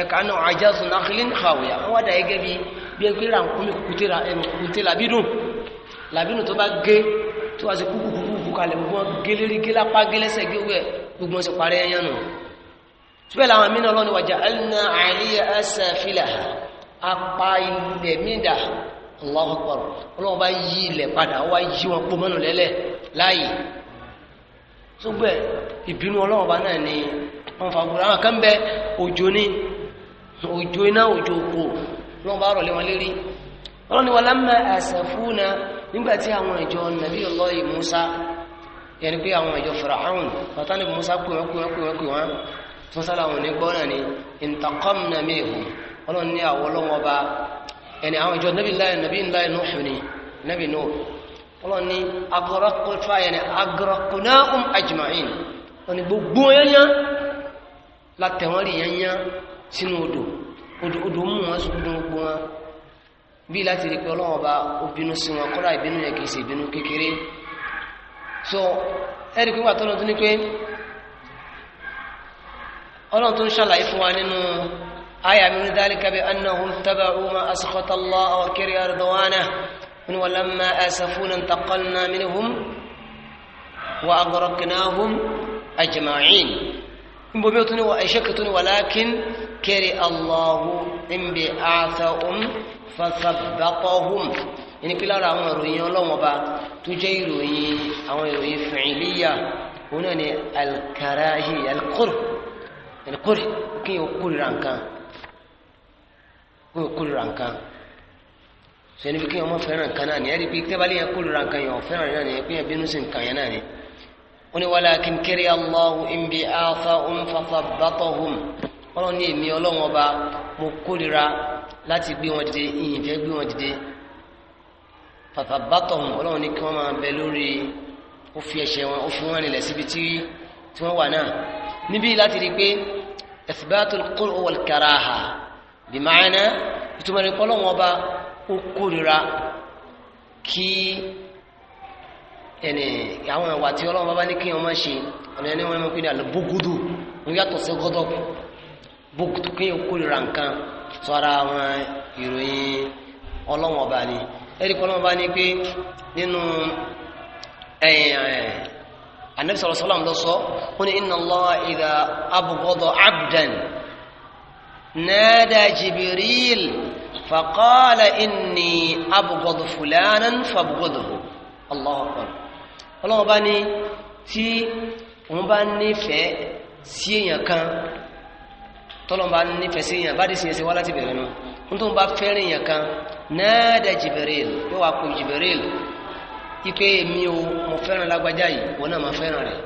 ẹ̀kánà àjẹsùn nàkìlì ń hàwìyà wọ́n wá dà gẹ́gẹ́ bí bí ẹgbẹ́ ra nkúmi kùkùté ra ẹnu kùkùté làbídùn làbídùn tó bá gé tó wá sí kúkúkúkú kalẹ̀ gbogbo wọn gélérí gélápá gélẹ́sẹ̀ gbogbo ẹ̀ gbogbo wọn sì parẹ́ ẹyán nù. síbẹ̀ làwọn mìíràn lọ́ni wàjà alina àìlíyà ẹsẹ̀ sógbó ẹ̀ ìbínú ọlọ́run ọba náà ni wọ́n fa gbogbo àwọn kan bẹ òjò ní òjò iná òjò òkò lọ́wọ́n bá rọ̀lẹ́ wọn lérí ọlọ́run ni wọ́n lámà àṣàfúnà nígbà tí àwọn ìjọ nàbí ọlọ́yìn Musa yẹni pé àwọn ìjọ Fìràhùn bàtà ní Musa pè wọ́n pè wọ́n pè wọ́n pè wọ́n tún sára ni intaqamna minhum ọlọ́run ní àwọn ọlọ́wọ́n ọba ẹni àwọn ìjọ nàbí ńlá nàbí ńlá Nuhu ni nàbí Nuhu ọlọ́run ní agọ́rọ́kọ́tọ́ ayẹ̀ ní agọ́rọ́kùnáhùn ajma'in wọ́n ní gbogbo yányá látẹ̀wọ́n rí yányá sínú odò odò mú wọn sódùn gbogbo wọn bí láti rí pé ọlọ́run obìnú sí wọn kọ́ra ìbínú yẹn kì í ìbínú kékeré so ẹ̀rí pé wàtọ́ lọ́dún ní pé ọlọ́run tó ń ṣàlàyé fún wa nínú ayàmínú dhalika bi annahum taba'u ma askhata Allah ولما آسفونا انتقلنا منهم وأغرقناهم أجمعين بميتون وأشكتون ولكن كره الله انبعاثهم فثبطهم يعني كلا رأوا رؤيا الله وبا تجي رؤيا أو رؤيا فعلية هنا الكراهية القرب القرب كي يقول رانكا كي يقول رانكا sẹni pé kí wọn fẹ́ràn kan náà ni ẹni pé tẹ́bálẹ̀ yẹn kó lóra nǹkan yẹn ọ̀ fẹ́ràn náà ni pé yẹn bínú sí nǹkan yẹn náà ni. ó ní walakin kariha Allahu in bi'athahum fathabbatahum ọlọ́run ní èmi ọlọ́run ọba mo kórira láti gbé wọn dìde ìyìn fẹ́ gbé wọn dìde fathabbatahum ọlọ́run ní kí wọ́n máa bẹ lórí ó fi ẹsẹ̀ wọn ó fi wọn nílẹ̀ síbi tí wọ́n wà náà níbí láti rí pé ithbatul qur'u wal karaha bí ma'ana ìtumọ̀ ní kọ́lọ́run ọba ó kórira kí ẹni àwọn ìwà tí ọlọ́run bá ní kí wọ́n máa ṣe ọ̀nà ẹni wọ́n máa pè ní àlùbógúdù wọ́n yàtọ̀ sí gọ́dọ̀ kí nǹkan tó ara àwọn ìròyìn ọlọ́run ọba ni ẹ̀rí ọlọ́run ọba ni pé nínú anabi sallallahu sọ ó ní inna Allaha fàkọ́ọ̀lá ìní abùgọ́dù fulanan fàbùgọ́dù Allahu akbar ọlọ́wọ́ bá ní tí òun bá nífẹ̀ẹ́ sí èèyàn kan tọ́lọ́n bá nífẹ̀ẹ́ sí èèyàn bá dì sí ẹsẹ̀ wá láti bẹ̀rẹ̀ nù ń tó ń bá fẹ́ràn èèyàn kan náà dẹ̀ Jibril yóò wá kó Jibril ike mi o mo fẹ́ràn lágbájá yìí wọn náà máa fẹ́ràn rẹ̀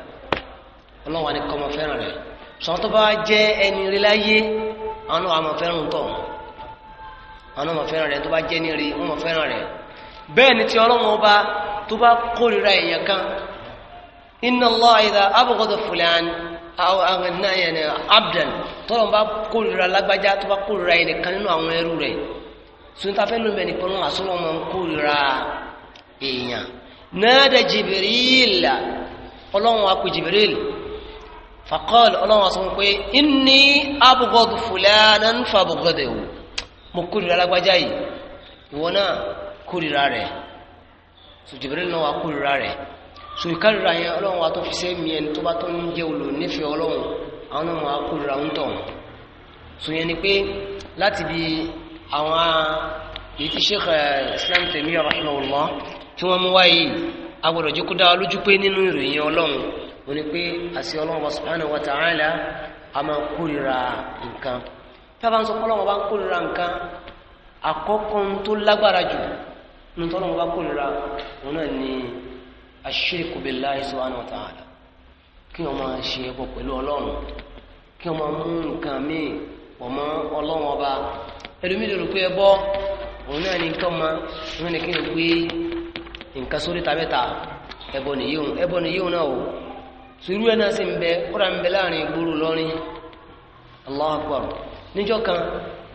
ọlọ́wọ́ ni kọ́ mọ fẹ́ràn rẹ̀ sọ́n tó bá jẹ́ ẹni rí láyé àwọn náà wà máa fẹ́ràn tọ̀ àwọn ọmọ fẹ́ràn rẹ̀ tó bá jẹ́ nírí ọmọ fẹ́ràn rẹ̀ bẹ́ẹ̀ ni tí ọlọ́run ọba tó bá kórìíra èèyàn kan inna Allah idha abghada fulan àwọn abdan tọ́lọ́run bá kórìíra lágbájá tó bá kórìíra ẹnìkan nínú àwọn ẹrú rẹ̀ suntafẹ́ ló mẹ́ni pẹ̀lú àsọ́lọ́ ọmọ kórìíra èèyàn nada Jibril ọlọ́run akú Jibril faqala ọlọ́run àsọ́wọ́n pé inni abghadu fulanan mo kórìíra lágbájá yìí ìwọ náà kórìíra rẹ̀ so Jibril náà wà kórìíra rẹ̀ so ìkárìíra yẹn ọlọ́run wa tó fi sẹ́mi ẹni tó bá tó ń jẹ́ olò nífẹ̀ẹ́ ọlọ́run àwọn náà wà kórìíra ń tọ̀ so ni pé láti bi àwọn èyí tí Sheikh eh, Islam Taymiyya rahimahullah tí wọ́n mú wáyé agbọ́dọ̀ jẹ́ dá lójú pé nínú ìròyìn ọlọ́run wọn ni pé àṣẹ ọlọ́run wa subhanahu wa ta'ala a máa kórìíra nǹkan tábà ń sọ pé ọlọ́run bá ń kórìíra nǹkan àkọ́kọ́ tó lágbára jù ní tọ́lọ́run bá náà ni kí wọ́n máa ṣe ẹbọ pẹ̀lú ọlọ́run kí wọ́n máa mú nǹkan míì mọ́ ni nǹkan kí n gbé nǹkan sórí tabẹ́ta ẹbọ ẹbọ náà o sùúrù náà sì ń bẹ níjọ́ kan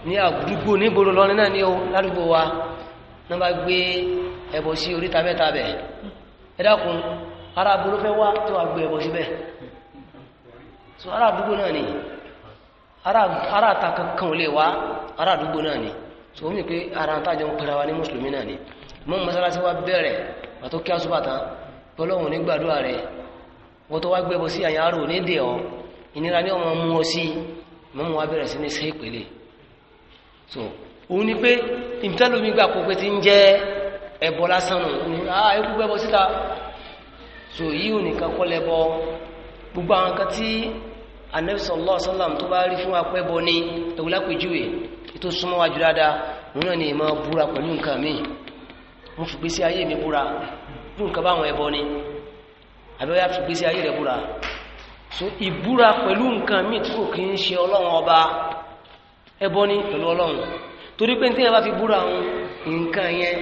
ní àdúgbò nígboro lọ́rin náà ní o ládùúgbò wa ní wọ́n bá gbé ẹbọ sí oríta mẹ́ta bẹ̀ ẹ dákun ará àdúgbò fẹ́ wá tó wà gbé ẹbọ síbẹ̀ so ará àdúgbò náà ni ará àtàkà kan ò lè wá ará àdúgbò náà ni so ó mì pé ara ń tàjọ ń pera wa ní mùsùlùmí náà ni mọ́ mọ́sálásí wa bẹ̀rẹ̀ pàtó kí asúbà tán pẹ̀lọ́wọ̀n nígbàdúrà rẹ̀ wọ́n tó wá gbẹ́bọ sí àyàrò ní dè mọ́mú wa bẹ̀rẹ̀ sí ní sẹ́ ìpele so òun ni pé ìmítẹ́lómi gbà kó pé ti ń jẹ́ ẹbọ lásán nù ní ah, síta so yìí ò nìkan kọ́ lẹ́bọ gbogbo àwọn kan tí Ànábì sallallahu alaihi wasallam tó bá rí fún apẹ́bọ ní ẹ̀wù lápèjúwe tó súnmọ́ wájú dáadáa òun náà ni ìmọ̀ búra pẹ̀lú nǹkan mi mo fi gbé sí ayé mi búra fún nǹkan báwọn ẹbọ ni àbẹ́wò yà fi gbé sí ayé rẹ̀ búra so ìbúra pẹ̀lú nǹkan míì tí kò kí ń ṣe ọlọ́run ọba ẹbọ ní pẹ̀lú ọlọ́run torí pé tí yẹn bá fi búra àwọn nǹkan yẹn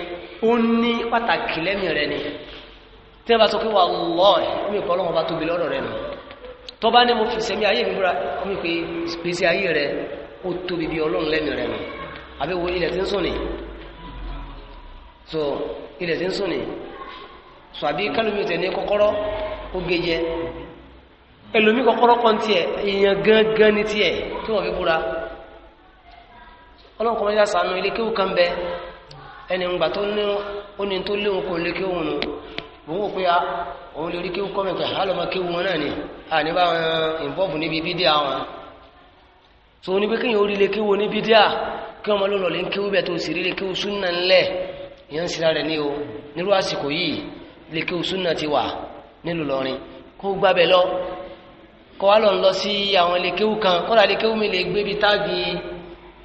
ó ní pàtàkì lẹ́mìí rẹ ni tí yẹn bá sọ pé wallahi mi pọ̀ ọlọ́run ọba tóbi lọ́dọ̀ rẹ nù tó bá ní mo fi sẹ́mi ayé mi búra ọmọ ìpè ìpèsè ayé rẹ ó tóbi bí ọlọ́run lẹ́mìí rẹ nù àbí wo ilẹ̀ tí ń sùn ni so ilẹ̀ tí ń sùn ni so àbí kálùmí ẹlòmí kọ́kọ́rọ́ kan tiẹ̀ èèyàn gangan ní tiẹ̀ tí wọ́n fi búra ọlọ́run kọ́mọ́jà sànú ilé kéwù kan bẹ ẹni ìgbà tó ní oní tó léwu kò lé kéwù nù òun wò pé a ah, òun lè rí kéwù kọ́mọ̀ pé a lọ́mọ kéwù wọn náà ni a ní bá wọn ìbọ́ọ̀bù níbi bídíà wọn so kó gbábẹ lọ kọ́ wá lọ lọ sí àwọn ilékéwú kan kọ́ra ilékéwú mi lè gbé bí táàgì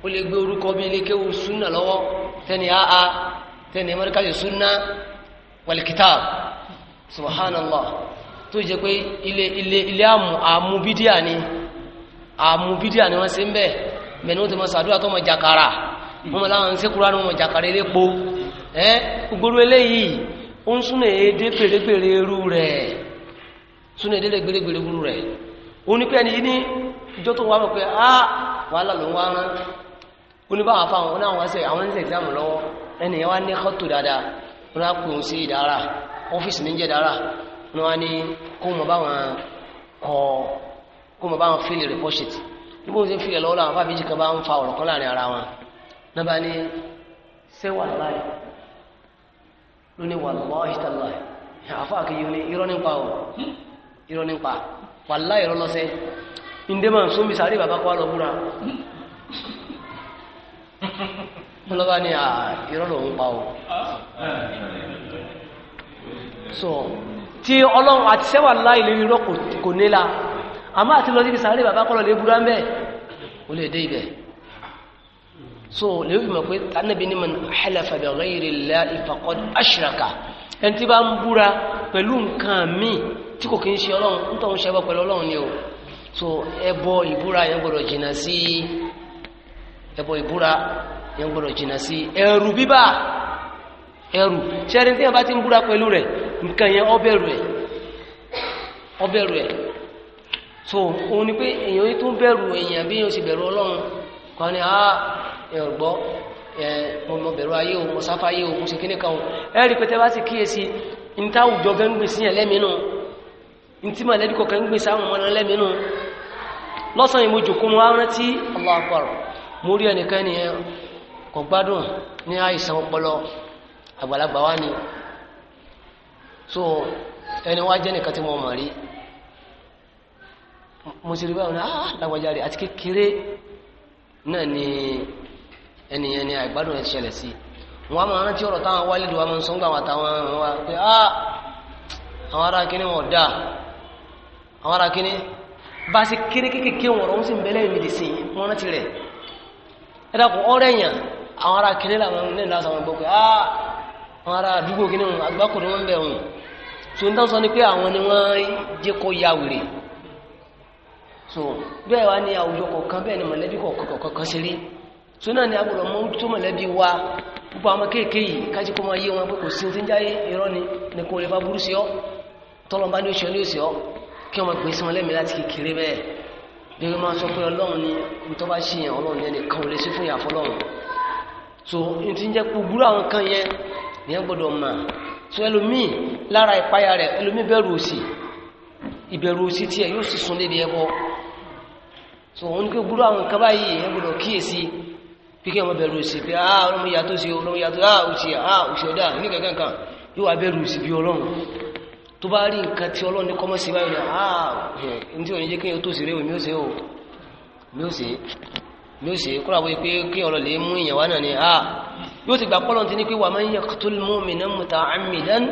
ó lè gbé orúkọ bí ilékéwú súnà lọ́wọ́ tẹ́ni àá tẹ́ni mọ́ríkàlì súnà wal-kitab subhanallah tó jẹ́ pé ilé ilé ilé àmúbídíà ni àmúbídíà ni wọ́n ṣe ń bẹ̀ mẹ́ni ó ti mọ sàdúrà tó mọ jàkàrà wọ́n mọ láwọn ṣé kúránù mọ jàkàrà elépo ẹ́ gbogbo eléyìí ó ń súnà èdè pèrèpèrè irú rẹ̀ súnà èdè lè gbèrègbèrè irú onípẹ́ni yìí ní ìjọ tó wà mọ̀ pé á wàhálà ló ń wá rán oníbàwà fáwọn wọn náà wọ́n sẹ̀ àwọn ẹ̀sẹ̀ ìdáàmù lọ́wọ́ ẹni yẹn wá ní kọ́tò dáadáa wọn á pè òun sí ìdára ọ́fíìsì ní jẹ́ dára wọn wá ní kó mọ̀ báwọn kọ́ kó mọ̀ báwọn fílì rìpọ́ṣìtì nígbà wọn sì fílì lọ́wọ́ làwọn bá méjì kan bá ń fa ọ̀rọ̀ kan láàrin ara wọn náà bá wàlá ìrọlọ́sẹ́ indémọ̀ súnmí sàárì bàbá kọ́ lọ búra lọ́bá ní ìrọlọ́ ń pa o so tí ọlọ́run àti sẹ́wà láìlé irọ́ kò nílá àmá àti lọ sí sàárì bàbá kọ́ lọ lè búra o lè dé ibẹ̀ so lè fi mọ̀ pé tánàbí ní man halafa bi ghayri llahi faqad ashraka ẹni tí bá ń búra pẹ̀lú nǹkan míì tí kò kí ń ṣe ọlọ́run ń tọ́ ni o so ẹbọ ìbúra yẹn gbọdọ̀ jìnnà sí ẹbọ ìbúra yẹn gbọdọ̀ jìnnà sí ẹrù bíbà ẹrù ṣẹ́ni tí yẹn bá ti ń búra pẹ̀lú rẹ̀ nǹkan so òun ni pé èèyàn tó bẹ̀rù èèyàn bí èèyàn sì bẹ̀rù ọlọ́run kan ni ayé o mo ayé o mo sì kan o bá sì kíyèsí ní táwùjọ ntí mọ̀lẹ́bí kọ̀ọ̀kan ń gbé sáwọn ọmọ náà lẹ́mìínú lọ́sàn-án ìmojòkó mu arántí Allahu Akbar mo rí ẹnìkan ni kò gbádùn ní àìsàn ọpọlọ àgbàlagbà wá ni so ẹni wá jẹ́ nìkan tí mo mọ̀ rí mo sì rí báwọn náà ah, ah, lágbàjá àti kékeré náà ni ẹnìyẹn ni àìgbádùn ẹ̀ ṣẹlẹ̀ sí wọn a máa rántí ọ̀rọ̀ táwọn wálé wa àwọn ah àwọn ará kí ni wọn dáa àwọn ará kíní bá sí kéré kéèkéé wọn ọ̀rọ̀ sí bẹ̀lẹ̀ ìmìdì sí wọn rántí rẹ̀ ẹ̀dàkùn ọ̀rẹ́ èèyàn àwọn ará kíní làwọn ilé ìlàsà wọn gbọ́ pé á ah, àwọn ará àdúgbò kíní wọn àgbákò ni wọ́n bẹ̀ wọn so ń dánsọ ni pé àwọn ni wọ́n jẹ́ kó ya wèrè so bẹ́ẹ̀ wá ní àwùjọ kọ̀ọ̀kan bẹ́ẹ̀ ni mọ̀lẹ́bí kọ̀ọ̀kan ṣe rí so náà ni agbọ̀dọ̀ púpọ̀ àwọn kéèké yìí kájí kó máa yé wọn pé kò sí ti ń jáyé irọ́ ni kò lè fa burú sí ọ tọ́lọ́mbá ní oṣù ní oṣù ọ kí wọ́n máa pè sí wọn lẹ́mìí láti kékeré bẹ́ẹ̀ bí wọ́n máa sọ pé ọlọ́run ni nítorí bá ṣe yàn ọlọ́run yẹn nìkan ò lè ṣe fún ìyàfọ́ ọlọ́run so n ti jẹ́ gbúgbúrú àwọn kan yẹn ìyẹn gbọ́dọ̀ mà so ẹlòmíì lára ìpayà rẹ̀ ẹlòmíì bẹ̀rù òsì ìbẹ̀rù òsì tiẹ̀ yóò sì sun lédi ẹbọ so òun kí gbúrú àwọn kan báyìí ìyẹn gbọ́dọ̀ kíyèsí bí kí wọ́n bẹ̀rù òsì pé ah ọlọ́run yàtọ̀ sí ọlọ́run yàtọ̀ ah òsì ah òsì ọ̀dà ní kankan kan yóò wá bẹ̀rù òsì bí ọlọ́run tó bá rí nǹkan tí ọlọ́run ní kọ́mọ́sí báyìí ni àá ah, eh, ní tí òun jẹ́ kí n tó sì rí omi ó ṣe o mi ó ṣe mi ó ṣe kúrò àwọn pé kí ọ̀rọ̀ lè mú ìyẹn wá náà ni àá ah. yóò ti gbà pọ́lọ̀ tí ní pé wà man yaqtul mu'mina muta'ammidan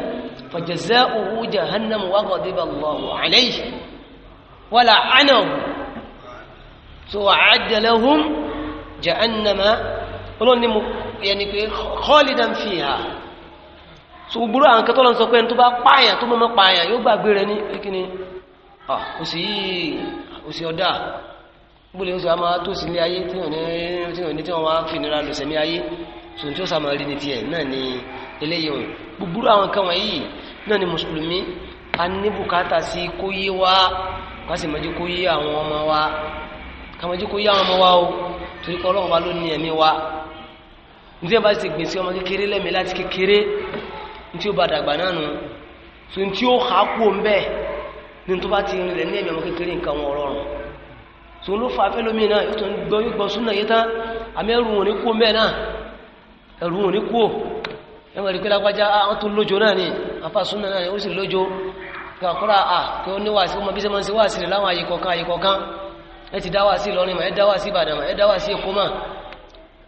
fajaza'uhu jahannam wa ghadiba Allahu alayhi wa la'anahu so wa'adda lahum jahannama ọlọ́run so gbúrú àwọn kẹtọ́ lọ sọ pé ẹni tó bá pààyàn tó mọ́mọ́ pààyàn yóò gbàgbé rẹ ní kíni òsì yìí òsì ọ̀dà gbọ́lẹ̀ oṣù àmà tó sí ilé ayé tí wọ́n ní tí wọ́n wá fi nira lò sẹ́mí ayé so tí ó sàmà rí ní tiẹ̀ náà ni eléyìí wọn gbúrú àwọn kan wọ̀nyí náà ni mùsùlùmí a ní bùkátà sí kó yé wa mọ́jú kó àwọn ọmọ wa o torí pé wa ló ní ẹ̀mí wa nítorí bá gbèsè ọmọ kékeré lẹ́mìí láti kékeré tí ó bá dàgbà náà nù so tí ó ha kú ń bẹ́ẹ̀ ní tó bá ti rìn rẹ̀ ní ẹ̀mí ọmọ kékeré nǹkan wọn rọrùn so ló fa fẹ́lómi náà yóò tó ń gbọ́ yóò gbọ́ súnà yé tán àmì ẹrù wọn ní kú mẹ́ẹ̀ náà ẹrù wọn ní kú ẹwọ̀n rí pé àwọn tó lójó náà ni afá súnà náà ni ó sì lójó kàkúrà à kí ó ah, ní wàásí ọmọ bí sẹ́mọ́ sí wàásí rẹ̀ láwọn àyè kọ̀ọ̀kan àyè kọ̀ọ̀kan ẹ ti dá wàásí lọ́rin mà ẹ dá wàásí Ìbàdàn mà ẹ dá wàásí Èkó mà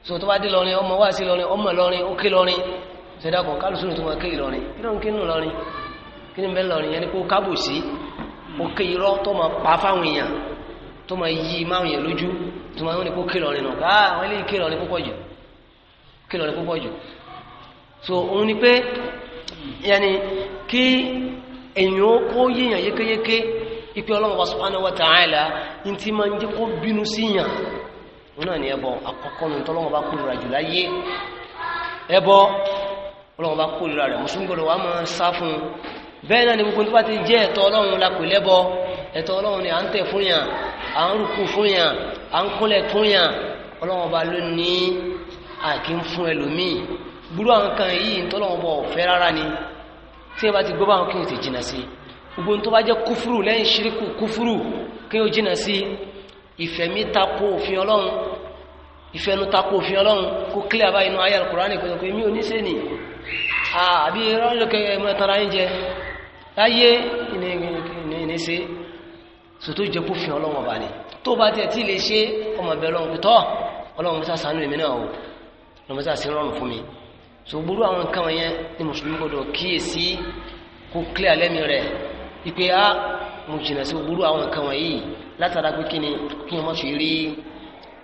so tó bá dé lọ́rin ọmọ wàásí lọ́rin ọmọ lọ́rin ó ké lọ́rin sẹ́dàkùn kálùsùn tó máa ké ìlọrin kí lóun ké nù lọrin kí ni bẹ́ẹ̀ lọrin yẹn ni kó kábòsí ó ké irọ́ tó máa pa fáwọn èèyàn tó máa yí máwọn èèyàn lójú tó máa ń ní kó ké lọrin nù káà àwọn eléyìí ké lọrin púpọ̀ jù ké lọrin púpọ̀ jù so òun ni pé yẹni kí èèyàn ó kó yéèyàn yékéyéké ipe ọlọ́run wa subhanahu wa ta'ala ní ti máa ń jẹ́ kó bínú síyàn òun náà ni ẹbọ àkọ́kọ́ nù tọ́lọ́run bá kúrò ẹbọ ọlọ́run bá kórìíra rẹ̀ mùsùlùmí gbọ́dọ̀ wà máa sá fún un bẹ́ẹ̀ náà ni gbogbo tó bá ti jẹ́ ẹ̀tọ́ ọlọ́run la pè lẹ́bọ ẹ̀tọ́ ọlọ́run ni à ń tẹ̀ fún yàn à ń rúkú fún yàn à ń kúnlẹ̀ fún yàn ọlọ́run bá ló ní àkí ń fún ẹlòmíì gbúrú àwọn kan yìí ń tọ́lọ́run bọ̀ ọ̀fẹ́ rárá ni tí ẹ bá ti gbọ́ báwọn kí n ti jìnà sí gbogbo tó bá jẹ́ kúfúrú lẹ́yìn ṣíríkù kúfúrú kí ó jìnà sí ìfẹ̀mí tako òfin ọlọ́run ìfẹ̀nu tako òfin ọlọ́run kó kílẹ̀ àbá inú ayé alukurani kò sọ pé mi ò ní sẹ́ni Ah, àbí rọ́lọ́kẹ́ ẹmọ́ tara ń jẹ láyé ìní ṣe sò tó jẹ kó fi ọlọ́wọ́n bá ní tó bá tẹ̀ tí lè ṣe ọmọ bẹ̀rẹ̀ ọ̀hún tọ́ ọlọ́wọ́n mọ́sá sánú èmi náà o ọlọ́wọ́n mọ́sá sí rọrùn fún mi sò gbúrú àwọn nǹkan wọ̀nyẹn ní mùsùlùmí gbọdọ̀ kíyèsí mo jìnà sí gbúrú àwọn nǹkan wọ̀nyí látara pé kí ni kí wọ́n ṣe rí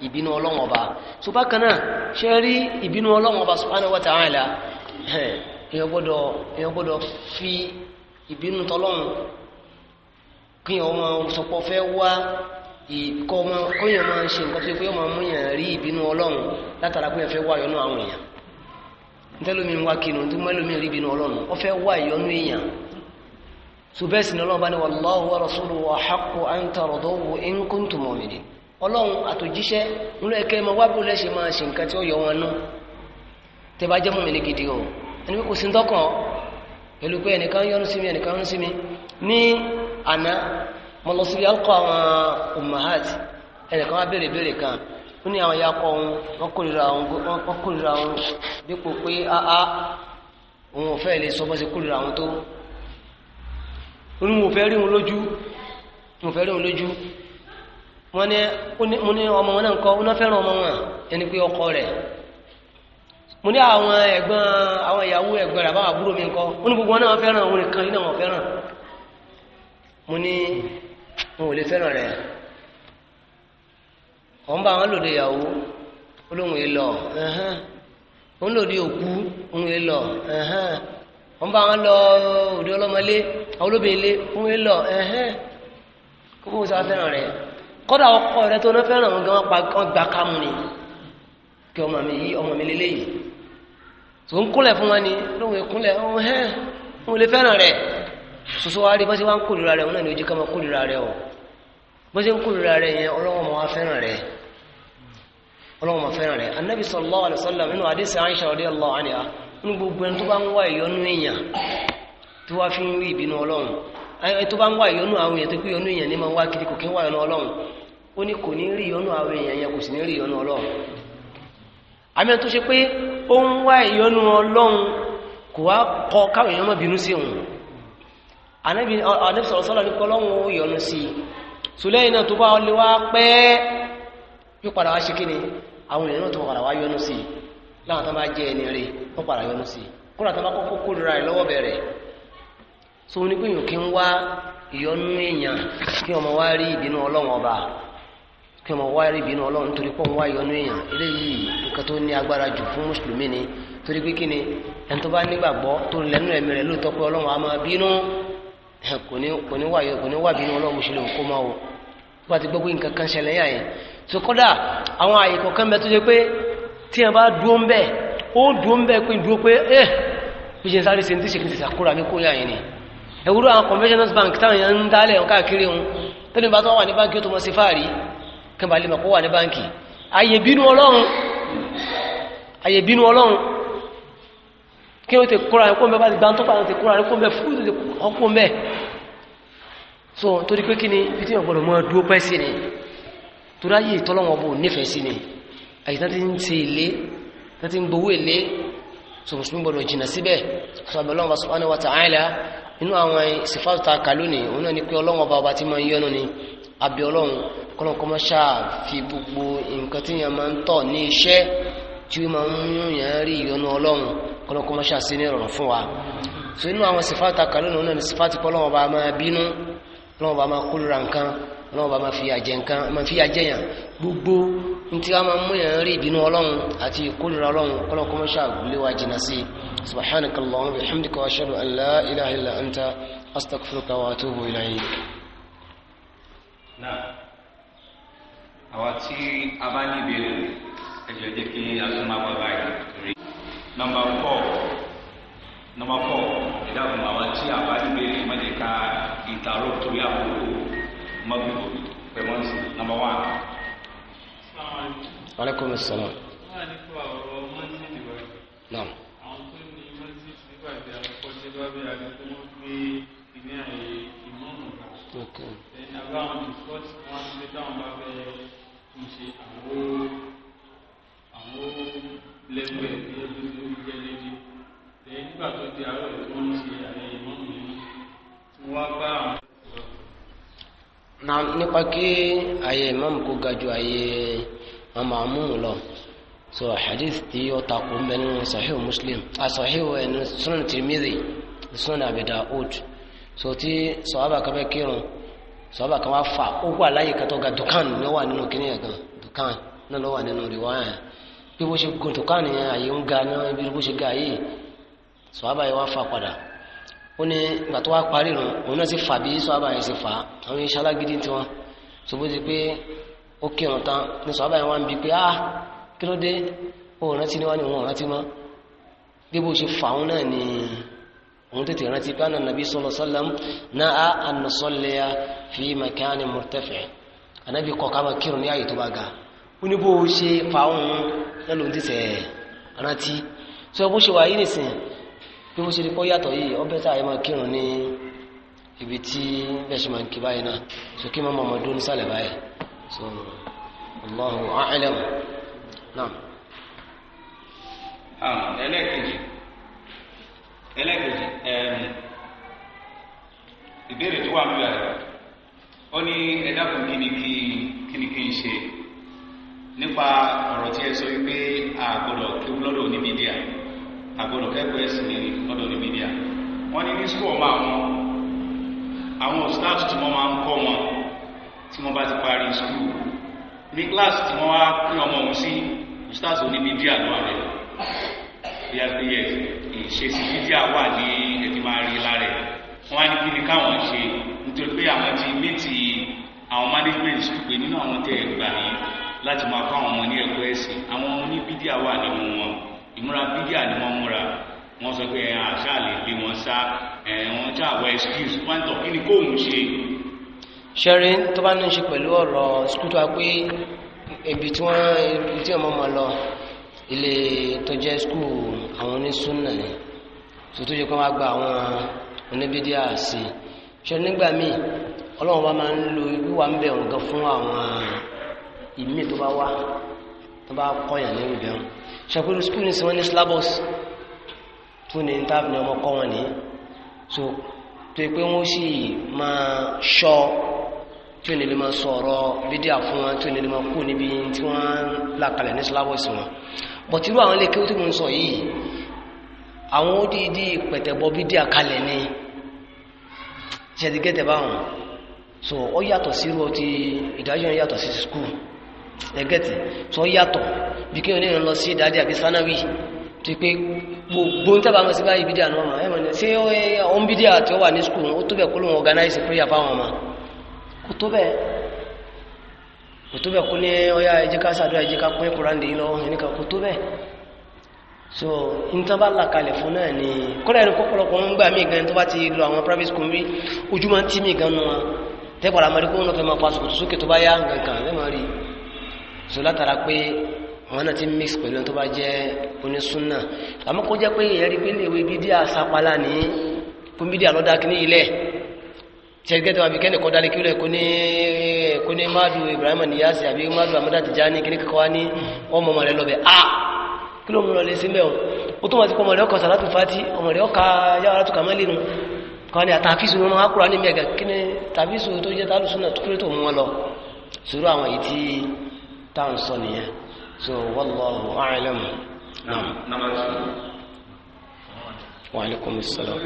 ìbínú ọlọ́wọ́n ọba so bákan náà ṣe rí ìbínú ọlọ́wọ́n ọba subhanahu wa ta'ala èèyàn gbọ́dọ̀ fi ìbínú tọlọ́run kí èèyàn máa sọpọ̀ fẹ́ wá ìkọ́ ọmọ kóyàn máa ṣe nǹkan tó yẹ ma máa múyàn rí ìbínú ọlọ́run látara kóyàn fẹ́ wá ìyọnú àwọn èèyàn ntẹ́lómi wá kinu tí mẹ́lómi rí ìbínú ọlọ́run ó fẹ́ wá ìyọnú èèyàn subẹ́sì ni ọlọ́run bá ní wallahu wa rasuluhu wa an tarduhu ọlọ́run àtòjíṣẹ́ ẹ̀kẹ́ wá tẹ́ bá jẹ́ mọ́mí ní gidi o ẹni pé kò sí tọ́kàn pẹ̀lú pé ẹnìkan yọ́nú sí mi ẹnìkan yọ́nú sí mi ní àná mo lọ àwọn umahat ẹnìkan wá béèrè béèrè kan ó ní àwọn ya kọ ohun wọ́n kórìíra ohun dípò pé áá òun ò fẹ́ lè sọ bọ́ sí kórìíra ohun tó mo fẹ́ rí wọn lójú mo fẹ́ rí wọn lójú wọ́n ní ọmọ wọn náà mo ní àwọn ẹ̀gbọ́n àwọn ìyàwó ẹ̀gbọ́n rẹ̀ àbáwọn àbúrò mi ńkọ́ mo ní gbogbo wọn náà fẹ́ràn òun nìkan iná wọn fẹ́ràn mo ní wọn ò lè fẹ́ràn rẹ̀ wọn bá wọn lòdì ìyàwó olóhùn yìí lọ wọn lòdì òkú òhun yìí lọ wọn bá wọn lọ òde ọlọmọlé àwọn olóbìnrin lé òhun yìí kó fún wọn sọ fẹ́ràn rẹ̀ kọ́dà ọkọ rẹ tó náà fẹ́ràn wọn gan wọn gbà ni kí ọmọ mi yí ọmọ mi lélẹ́yìí. tó ń kúnlẹ̀ fún wọn ni lóhun ìkúnlẹ̀ ọ̀hún ẹ̀ ń lè fẹ́ràn rẹ̀ soso wa rí bó ṣe wá ń kórìíra rẹ̀ wọn náà ojú kórìíra rẹ̀ o Bọ́sí ṣe ń kórìíra rẹ̀ yẹn ọlọ́wọ́ máa fẹ́ràn rẹ̀ ọlọ́wọ́ máa fẹ́ràn rẹ̀ anabi sallallahu alaihi wasallam nínú hadisi Aisha radiyallahu anha ní gbogbo ẹni tó bá ń wá ìyọnu èèyàn tó wá fi ń rí ìbínú ọlọ́run ẹni tó bá ń wá àwọn èèyàn tó pé èèyàn ó ń wá ìyọnu ọlọ́run kò wá kọ káwọn èèyàn má bínú sí òun ànábì sọ̀rọ̀ sọ́lá ní kọ́lọ́run ó yọnu sí i sùlẹ́yìn náà tó bá ọ lé wá pẹ́ yóò padà wá ṣe kí ni àwọn èèyàn tó padà wá láwọn tó bá kí wọn wá rí ìbínú ọlọ́run torí pé wọn wá yọnu èèyàn eléyìí nǹkan tó ní agbára jù fún mùsùlùmí ni torí pé kí ni ẹni tó bá nígbàgbọ́ tó lẹ́nu ẹ̀mí rẹ̀ lóòótọ́ pé ọlọ́run á máa bínú kò ní wá bínú ọlọ́run mùsùlùmí kó máa wò wọ́n àti gbogbo nǹkan kan ṣẹlẹ̀ yà yẹn tó kọ́dà àwọn àyè kọ̀ọ̀kan bẹ tó ṣe pé tí wọn bá dúró ń bẹ̀ ó dúró ń bẹ̀ pé dúró pé ẹ eh, bí ṣe ń sáré ṣe ń tí ṣe kí bank táwọn yẹn ń dálẹ̀ wọn káàkiri wọn tó ní kẹba lè mọ̀ kó wà ní báńkì àyèbínú ọlọ́run àyèbínú ọlọ́run kí o ti kóra ẹ̀kọ́ mẹ́ bá ti gbá tó pàdán ti kóra ẹ̀kọ́ mẹ́ fún ọkọ́ mẹ́ so tori pé kí ni ibi tí ọ̀gbọ̀dọ̀ mọ́ dúó pẹ́ ni tó ráyè tọ́lọ́wọ́n bò nífẹ̀ẹ́ sí ni àyíká ti ń ti ilé ti ń gbowó ilé so mùsùlùmí gbọdọ̀ jina sibe, so àbẹ̀ ọlọ́run subhanahu wa ta'ala nínú àwọn ìsìfàtà kàlónì òun náà ni pé ọlọ́run ọba ọba ti máa ń ni abẹ ọlọ́run kọ́lọ́kọ́mọ́ ṣáà fi gbogbo nǹkan tí yẹn máa ń tọ̀ ní iṣẹ́ tí ó máa ń yún yẹn rí ìyọnu ọlọ́run kọ́lọ́kọ́mọ́ ṣáà sí ní ìrọ̀rùn fún wa so inú àwọn sifáàtì àkàlónà náà ni sifáàtì pọ́ lọ́wọ́ bá máa bínú lọ́wọ́ bá máa kórìíra nǹkan lọ́wọ́ bá máa fi àjẹ nǹkan máa fi àjẹ yàn gbogbo ntí a máa mú yàn rí ìbínú ọlọ́run àti ìkórìíra ọlọ́run kọ́lọ́kọ́mọ́ ṣáà gbélé wa jìnnà sí subhanakallahumma wa bihamdika wa wa atubu náà àwa tí a bá ní ìbéèrè ẹ jẹ́ jẹ́ kí a tún máa bá báyìí torí. nọ́mbà fọ nọ́mbà fọ ìdáhùn àwa tí a bá ní ìbéèrè má jẹ́ ká ìtàrọ torí àkókò mọbí pẹ̀lú ọsùn nọ́mbà wà. aleykum salaam. naam. àwọn tó ní mọ́sídìí nígbà tí a kọ́ dé bá bí a ti tó wọ́n gbé ìní àyè ìmọ̀ràn. ẹ̀yin àbáwọn ti sọ. lẹ́gbẹ̀ẹ́ tí ó tún tó nígbà tó di àárọ̀ tí ń ṣe àyẹ̀yẹ mọ́mù nínú tí wọ́n bá àwọn. nípa kí àyè so hadith tí ó takò ń muslim a ẹni sunan sunan abida so ti sọ̀hábà kan fẹ́ kírun sọ̀hábà kan wá fà ó wà ga dùkán ló wà nínú kíní ẹ̀gàn dùkán náà ló wà nínú rìwáyà bí bó ṣe gùn tó ká nìyẹn àyè ń ga náà bí bó ṣe ga yìí sọ́ábà yẹn wá fà padà ó ní ìgbà tó wá parí rùn òun náà sì fà bí sọ́ábà yẹn sì fà á àwọn iṣẹ́ alágídí tiwọn tó bó ti pé ó kírun tán ní sọ́ábà yẹn wá ń bi pé ah kí ló dé òun rántí níwájú òun rántí mọ́ bí bó ṣe fà òun náà ni òun tètè rántí pé àná nàbí sọlọ sọlọm náà á ànà sọlẹ́yà fi màkàn murtafi ànábì kọ̀ ká máa kírun ní àyè tó bá ga oníbó ṣe fa òun náà ló ń tẹ̀sẹ̀ rántí sọ bó ṣe wà yìí nìsín bí wọ́n ṣe lè kọ́ yàtọ̀ yìí ọbẹ̀ tá a yẹ máa kírun ní ibi tí bẹ́ẹ̀ máa ń kí báyìí náà sọ kí mọ́mọ́ ọmọdún nísàlẹ̀ báyìí sọ Allahu a'lam náà. Ah, ẹlẹ́ẹ̀kejì ẹlẹ́ẹ̀kejì ìbéèrè tó wà ń bẹ̀rẹ̀ ó ní ẹ̀dá kan kí ni kí ni kí n ṣe nípa ọ̀rọ̀ tí ẹ sọ wípé àgbọ̀dọ̀ kí lọ́dọ̀ onímídíà àgbọ̀dọ̀ kẹ́kọ̀ọ́ ẹ̀sìn ní lọ́dọ̀ onímídíà wọ́n ní ní school ọmọ àwọn àwọn staff tí wọ́n máa ń kọ́ wọn tí wọ́n bá ti parí school ní class tí wọ́n wá pé ọmọ òun sí staff onímídíà ló wà lẹ́nu bí a pé yẹ ìṣesí mídíà wà ní ẹ̀dí máa rí lára ẹ̀ wọ́n á ní kí ni káwọn ṣe nítorí pé àwọn ti mí ti àwọn management pé nínú àwọn tẹ̀ gbà yìí láti máa kọ́ àwọn ọmọ ní ẹ̀kọ́ ẹ̀sìn àwọn ọmọ ní bídíà wà nínú wọn ìmúra bídíà ni wọ́n múra wọ́n sọ pé àṣà lè lé wọn sá wọ́n já àwọn excuse wọ́n tọ̀ kí ni kóòmù ṣe. ṣẹ́rí tó bá ní í ṣe pẹ̀lú ọ̀rọ̀ sukùtù wa pé ibi tí wọ́n ibi tí ọmọ ọmọ lọ ilé tó jẹ́ skul àwọn onísúnà ni tuntun yìí kọ́ wá gba àwọn oníbídíà sí i ṣẹ́rí nígbà míì ọlọ́run wa máa ń lo irú wa ń bẹ̀rù ìmí tó bá wá tó bá kọyàn ní ìbẹ̀rún ṣàpẹrẹ skul ní sinwọ́n ní syllabus tó ní tábìlì ọmọ kọ́ wọn ní so tó yẹ pé wọ́n sì máa ṣọ́ tí ò ní lè máa sọ ọ̀rọ̀ fídíà fún wọn tí ò ní lè máa kú níbi tí wọ́n là kalẹ̀ ní syllabus wọn bọ̀ tí àwọn ilé kéwú tí mo ń sọ yìí àwọn ó di di pẹ̀tẹ̀bọ fídíà kalẹ̀ ní ṣẹ̀dígẹ́tẹ̀ báwọn so ó yàtọ̀ sí irú ìdájọ́ yàtọ̀ sí skul ẹgẹ́tì tó yàtọ̀ bí kí onírin lọ sí ìdájí àbí sanawi tó pé gbogbo ń tàbà mọ̀ sí báyìí bídíà náà ẹ̀mọ̀ ní sí ọ̀n bídíà tí ó wà ní skul ó tó bẹ̀ kó lóun organize prayer fáwọn ọmọ kò tó kò tó kó ní ọya ẹjẹ́ká sàdúrà ẹjẹ́ká pín kúránì yìí lọ́wọ́ ẹnìkà kò so tán bá ni kọ́lẹ̀ ẹni pọ́pọ́lọpọ́ ń gbà mí gan tó bá ti so látara pé àwọn náà ti mix pẹ̀lú tó bá jẹ́ onísúnà àmọ́ kó jẹ́ pé ẹ̀rí pé léwe bídíà sapala ní kún bídíà lọ́dá kí ní ilẹ̀ tẹ́gẹ́tẹ́ wà bí kẹ́ni kọ́ dálé kílẹ̀ kó ní mádù Ibrahim Niyasi àbí mádù Amada Tijani kí ní kíkọ́ ní ọmọ ọmọ rẹ̀ lọ́bẹ̀ a ah! kí ló mú lọ lé sí mẹ́ o ó tó wọn ti kọ́ ọmọ rẹ̀ ọkọ̀ sàlátù fati ọmọ rẹ̀ ọkà yàrá tó kà má lẹ́nu kọ́ ni àtàfíìsù wọn máa kúrò ní mẹ́gà kí ni tàfíìsù tó jẹ́ tálùsùn náà tó kéré tó mú wọn lọ sùúrù àwọn èyí tí táwọn sọ nìyẹn so wallahu a'lam. wa alaikum assalam.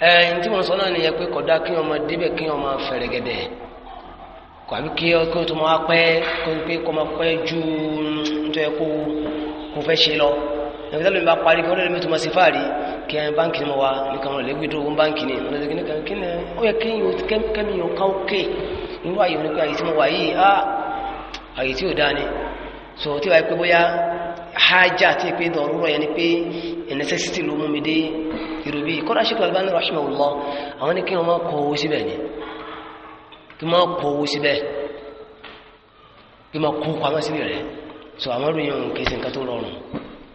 ẹ ǹ tí mo sọ náà nìyẹn pé kódà kí wọn máa débẹ̀ kí wọn máa fẹ̀rẹ̀gẹ̀dẹ̀ àbí kí ọkọ tó máa pẹ́ kó pé kó máa pẹ́ ju nítorí kó kó fẹ́ ṣe lọ ẹ̀fẹ́ tó lè máa parí kí wọ́n lè lè tó máa ṣe fáàrí kẹ báńkì ni mo wà nìkan wọn lè gbé tó wọn báńkì ni wọn lè gbé kí ni ó yẹ kí yóò kẹ́mi yóò ká òkè nínú àyè wọn pé àyè tí mo wà yìí á àyè tí ò dáa ni so tí wàá pé bóyá hájà tí pé dọ̀rúrọ̀ yẹn ni pé necessity ló mú mi dé irú bíi kọ́dà ṣe pẹ̀lú Albani rahimahullah àwọn ni kí wọ́n máa kọ owó síbẹ̀ ni kí wọ́n máa kọ owó síbẹ̀ kí wọ́n máa kó pamọ́ síbẹ̀ rẹ̀ so àwọn ìròyìn òun ṣe nǹkan tó rọrùn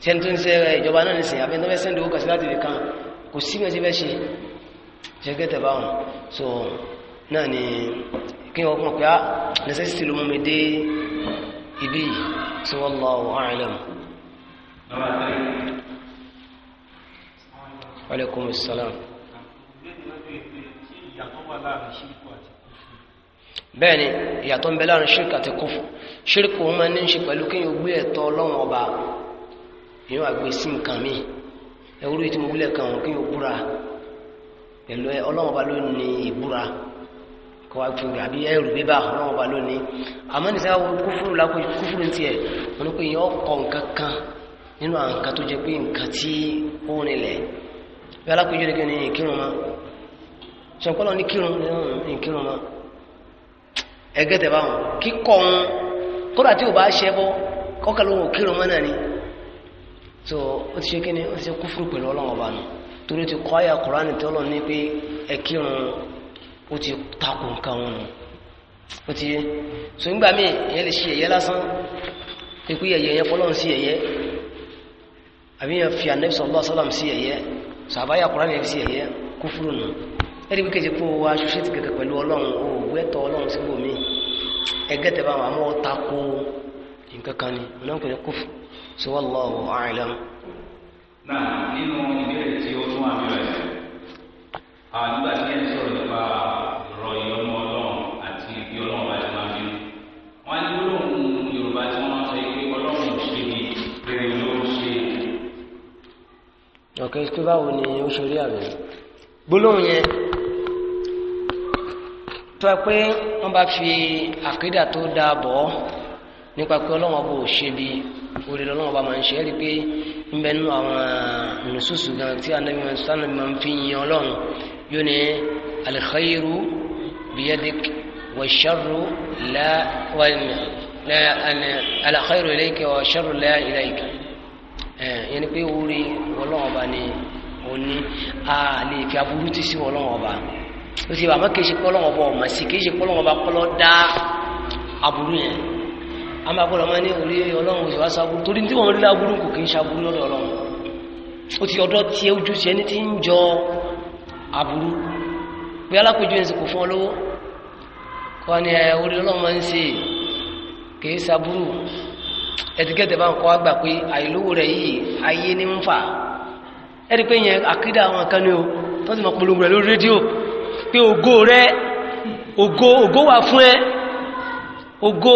ṣe tó ń ṣe rẹ̀ eh, ìjọba náà nìsìn àbí ẹni tó fẹ́ sẹ́ndì owó kàṣí láti lè kò sí mẹ́sí fẹ́ ṣe ṣe gẹ́tẹ̀ báwọn so náà ni kí wọ́n mọ̀ pé á ah, necessity ló mú mi dé ibi yìí tí wọ́n lọ àrẹ̀lẹ̀mù alaikum salam bẹ́ẹ̀ni ìyàtọ̀ ń bẹ láàrin ṣírkù àti kúfù ṣírkù wọn ní ṣe pẹ̀lú kí n gbé ẹ̀tọ́ ọlọ́run ọba èèyàn àgbé sim kan mi ẹwúrú tí mo wílẹ̀ kan òun kí n búra pẹ̀lú ẹ ọlọ́wọ́n ba ló ní ìbúra kọ́ wa fi àbí ẹrù bíbá ọlọ́wọ́n ba ló àmọ́ ní sáà kúfúrú lápò kúfúrú tiẹ̀ wọn ni pé èèyàn ọkọ̀ nǹkan kan nínú àwọn nǹkan tó jẹ pé nǹkan tí ó nílẹ̀ bí alákòójú ni kí ni ìkírun ma sọ̀kọ́lọ́ ní kírun ní ìkírun ma ẹgẹ́tẹ̀ báwọn kíkọ́ ń kódà tí ò bá ṣẹ́ bọ́ kọ́kàlóhùn òkírun mọ́ náà ni so ó ti ṣe kí ni ó ti ṣe kúfúrú pẹ̀lú ọlọ́run ọba nù torí ti kọ́ àyà kùránì tí ọlọ́run ní pé ẹ kírun ó ti takò nǹkan wọn nù ó ti so nígbà míì ìyẹn lè ṣe ẹ̀yẹ lásán pípé ẹ̀yẹ yẹn fọlọ́run sí ẹ̀yẹ àbí yẹn fi ànẹ́bí sallallahu alaihi wasallam sí ẹ̀yẹ sọ àbáyà kùránì yẹn sí ẹ̀yẹ kúfúrú nù ẹ̀rí wíkẹ́ ti kó wa ṣoṣe ti kẹ̀kẹ́ pẹ̀lú ọlọ́run o gbẹ́tọ̀ ọlọ́run síbòmí ẹgẹ́tẹ̀ bá wọn àmọ́ takò nǹkan kan ni ọlọ́run kò ní kúfúrú so wallahu a'lam. náà nínú ìbéèrè tí ó tún àmì rẹ̀ nígbà tí ẹ̀ sọ̀rọ̀ nípa ọ̀rọ̀ ìyọnu ọlọ́run àti ibi ọlọ́run bá ti máa ń bínú wọ́n á ní gbólóhùn yorùbá tí wọ́n sọ pé ọlọ́run ò ṣe ni bẹ́ẹ̀ ló ń ṣe. ọ̀kẹ́ tó báwo ni ó ṣe rí àbẹ̀ gbólóhùn yẹn tó ẹ pé wọ́n bá fi àkídà tó dáa bọ̀ nípa pé ọlọ́run ọba ò ṣe bíi orí lọ́lọ́wọ́ bá máa ń ṣe é rí pé ń bẹ nínú àwọn nùsùsù gan tí anabi sanu máa ń fi yin ọlọ́run yóò ní alikhairu biyadik washarru la alikhairu ilayka washarru la ilayka yẹn pé orí ọlọ́wọ́ bá ní òní a lè fi aburú ti sí ọlọ́wọ́ bá ó ti bàbá kì í ṣe pé ọlọ́wọ́ bá ọmọ sí kì í ṣe pé ọlọ́wọ́ bá kọ́lọ́ dá aburú yẹn a máa gbọ́dọ̀ máa ní orí ọlọ́run ìwà sábúrú torí tí wọ́n rí lábúrú kò kí ń sábúrú lọ́dọ̀ ọlọ́run ó ti ọdọ́ tí ó jù sí ẹni tí ń jọ àbúrú pé alákòjú ẹ̀sìn kò fún ọ kọ́ ni orí ọlọ́run máa ń ṣe kìí sábúrú ẹ̀tíkẹ́tẹ̀ bá ń kọ́ àgbà pé àìlówó rẹ̀ yìí ayé ní ń fà ẹ̀rí pé yẹn àkídà àwọn kan ní o tó ti mọ̀ polongo rẹ̀ lórí rédíò pé ògo rẹ̀ ògo ògo wà fún ẹ ògo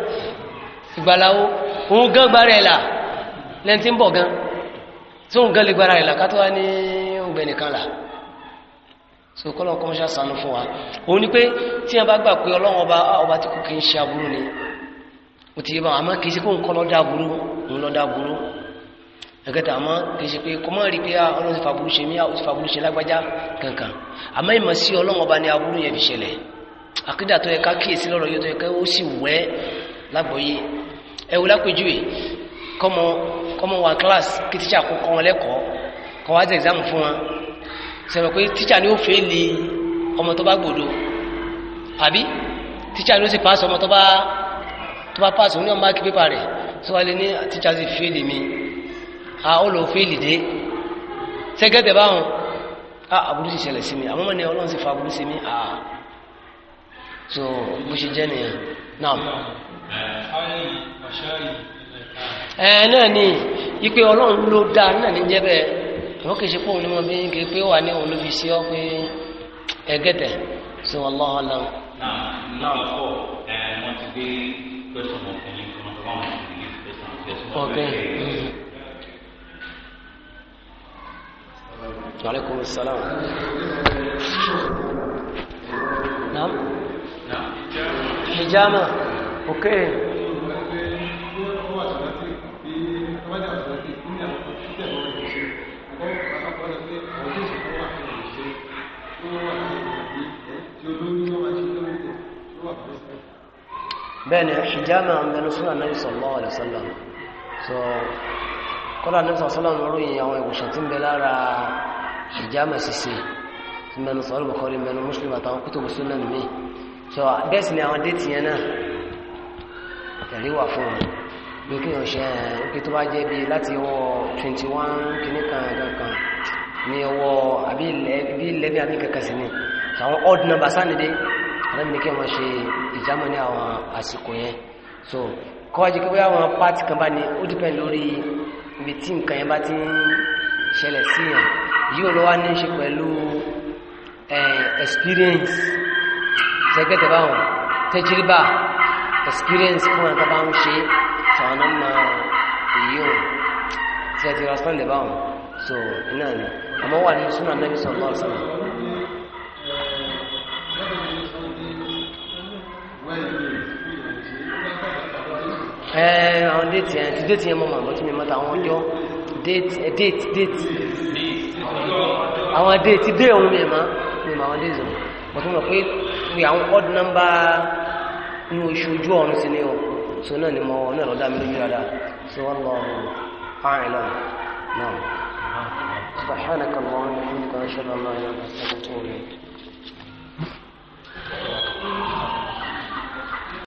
ìgbàláwo òun gan gbára ẹ̀là lẹ́ntí ń bọ̀ gan tí òun gan lè gbára ẹ̀là ká tó wá ní ọgbẹ̀ nìkan là so kọ́lọ̀ kan ṣá sànú fún wa òun ni pé tí wọ́n bá gbà pé ọlọ́run ọba ọba tí kò kí ń ṣe aburú ni ó ti yé báwọn àmọ́ kì í ṣe pé kọ́ lọ́dá aburú òun lọ́dá aburú ẹ̀kẹta àmọ́ kì ṣe pé kọ́mọ́ rí pé ah, ọlọ́run ti fàbúrú ṣe mí ó ti fàbúrú ṣe lágbájá kankan àmọ́ ìmọ̀ sí ọlọ́run ọba ni aburú yẹn fi ṣẹlẹ̀ àkídà tó yẹ ká kíyèsí lọ́rọ̀ yóò tó yẹ ká ó sì wẹ́ lágbóyè ẹ wò lápèjúwe kọ́mọ wa kíláàsì kí tíṣà kó kọ́ wọn lẹ́kọ̀ọ́ kọ́ wá sí fún wọn sọ̀rọ̀ pé tíṣà ni ó fẹ́ lé ọmọ tó bá gbòdo àbí tíṣà ni ó sì pàṣẹ ọmọ tó bá tó bá pàṣẹ òun ní ọmọ akí pépà rẹ̀ tó wá lé ní tíṣà sì fẹ́ lé mi a ó lọ fẹ́ lè dé sẹ́gẹ́dẹ̀ báwọn a àbúrú sì ṣẹlẹ̀ sí mi àwọn ọmọ ni ọlọ́run sì fa àbúrú sí mi a so bó ṣe jẹ́ nìyẹn náà. Ee, náà ni ipe ọlọ́run ló dá náà ní jẹ́bẹ̀ àwọn kìí ṣe pé òun ni bí ń kiri pé wà ní òun ló pé ẹgẹ́tẹ̀ sí wọn lọ́wọ́ lọ́wọ́. Hijama. okay bẹ́ẹ̀ni hijama mẹ́nu súnà náà sallallahu alaihi wasallam so kọ́lá náà sallallahu ròyìn àwọn ìwòsàn tí ń bẹ lára hijama ṣiṣẹ́ mẹ́nu sọ́lọ́ Bukhari mẹ́nu Muslim àtàwọn kútùbù súnà nìmí so bẹ́ẹ̀ sì ni ẹ̀rí wà fún un bí kí wọ́n ṣe òkè tó bá jẹ́ bí láti ọwọ́ 21 kìíní kan kankan ní ọwọ́ àbí ilẹ̀ bí àbí kankan àwọn odd number sánidé alábìnrin kí wọ́n so kọ́wájú kí wọ́n àwọn eh, experience experience fún ẹ̀ tó bá ń ṣe sọ̀rọ̀ náà máa èyí tí ẹ ti ra sọ́ọ̀lẹ̀ báwọn so iná ni àmọ́ wà ní súnà náà sọ̀rọ̀ náà sọ̀rọ̀. àwọn déètì yẹn ti déètì yẹn mọ̀ mọ̀ lọ́tí mi mọ́ta àwọn ọjọ́ déètì déètì déètì àwọn déètì dé òun mi mọ́ mi mọ́ àwọn déètì mọ̀ tó mọ̀ odd number. ní oṣù ojú ọ̀run sí ni o so náà ni mo náà lọ́dá mi lójú dáadáa so wọ́n lọ àìlọ́ náà سبحانك اللهم وبحمدك اشهد ان لا اله الا انت استغفرك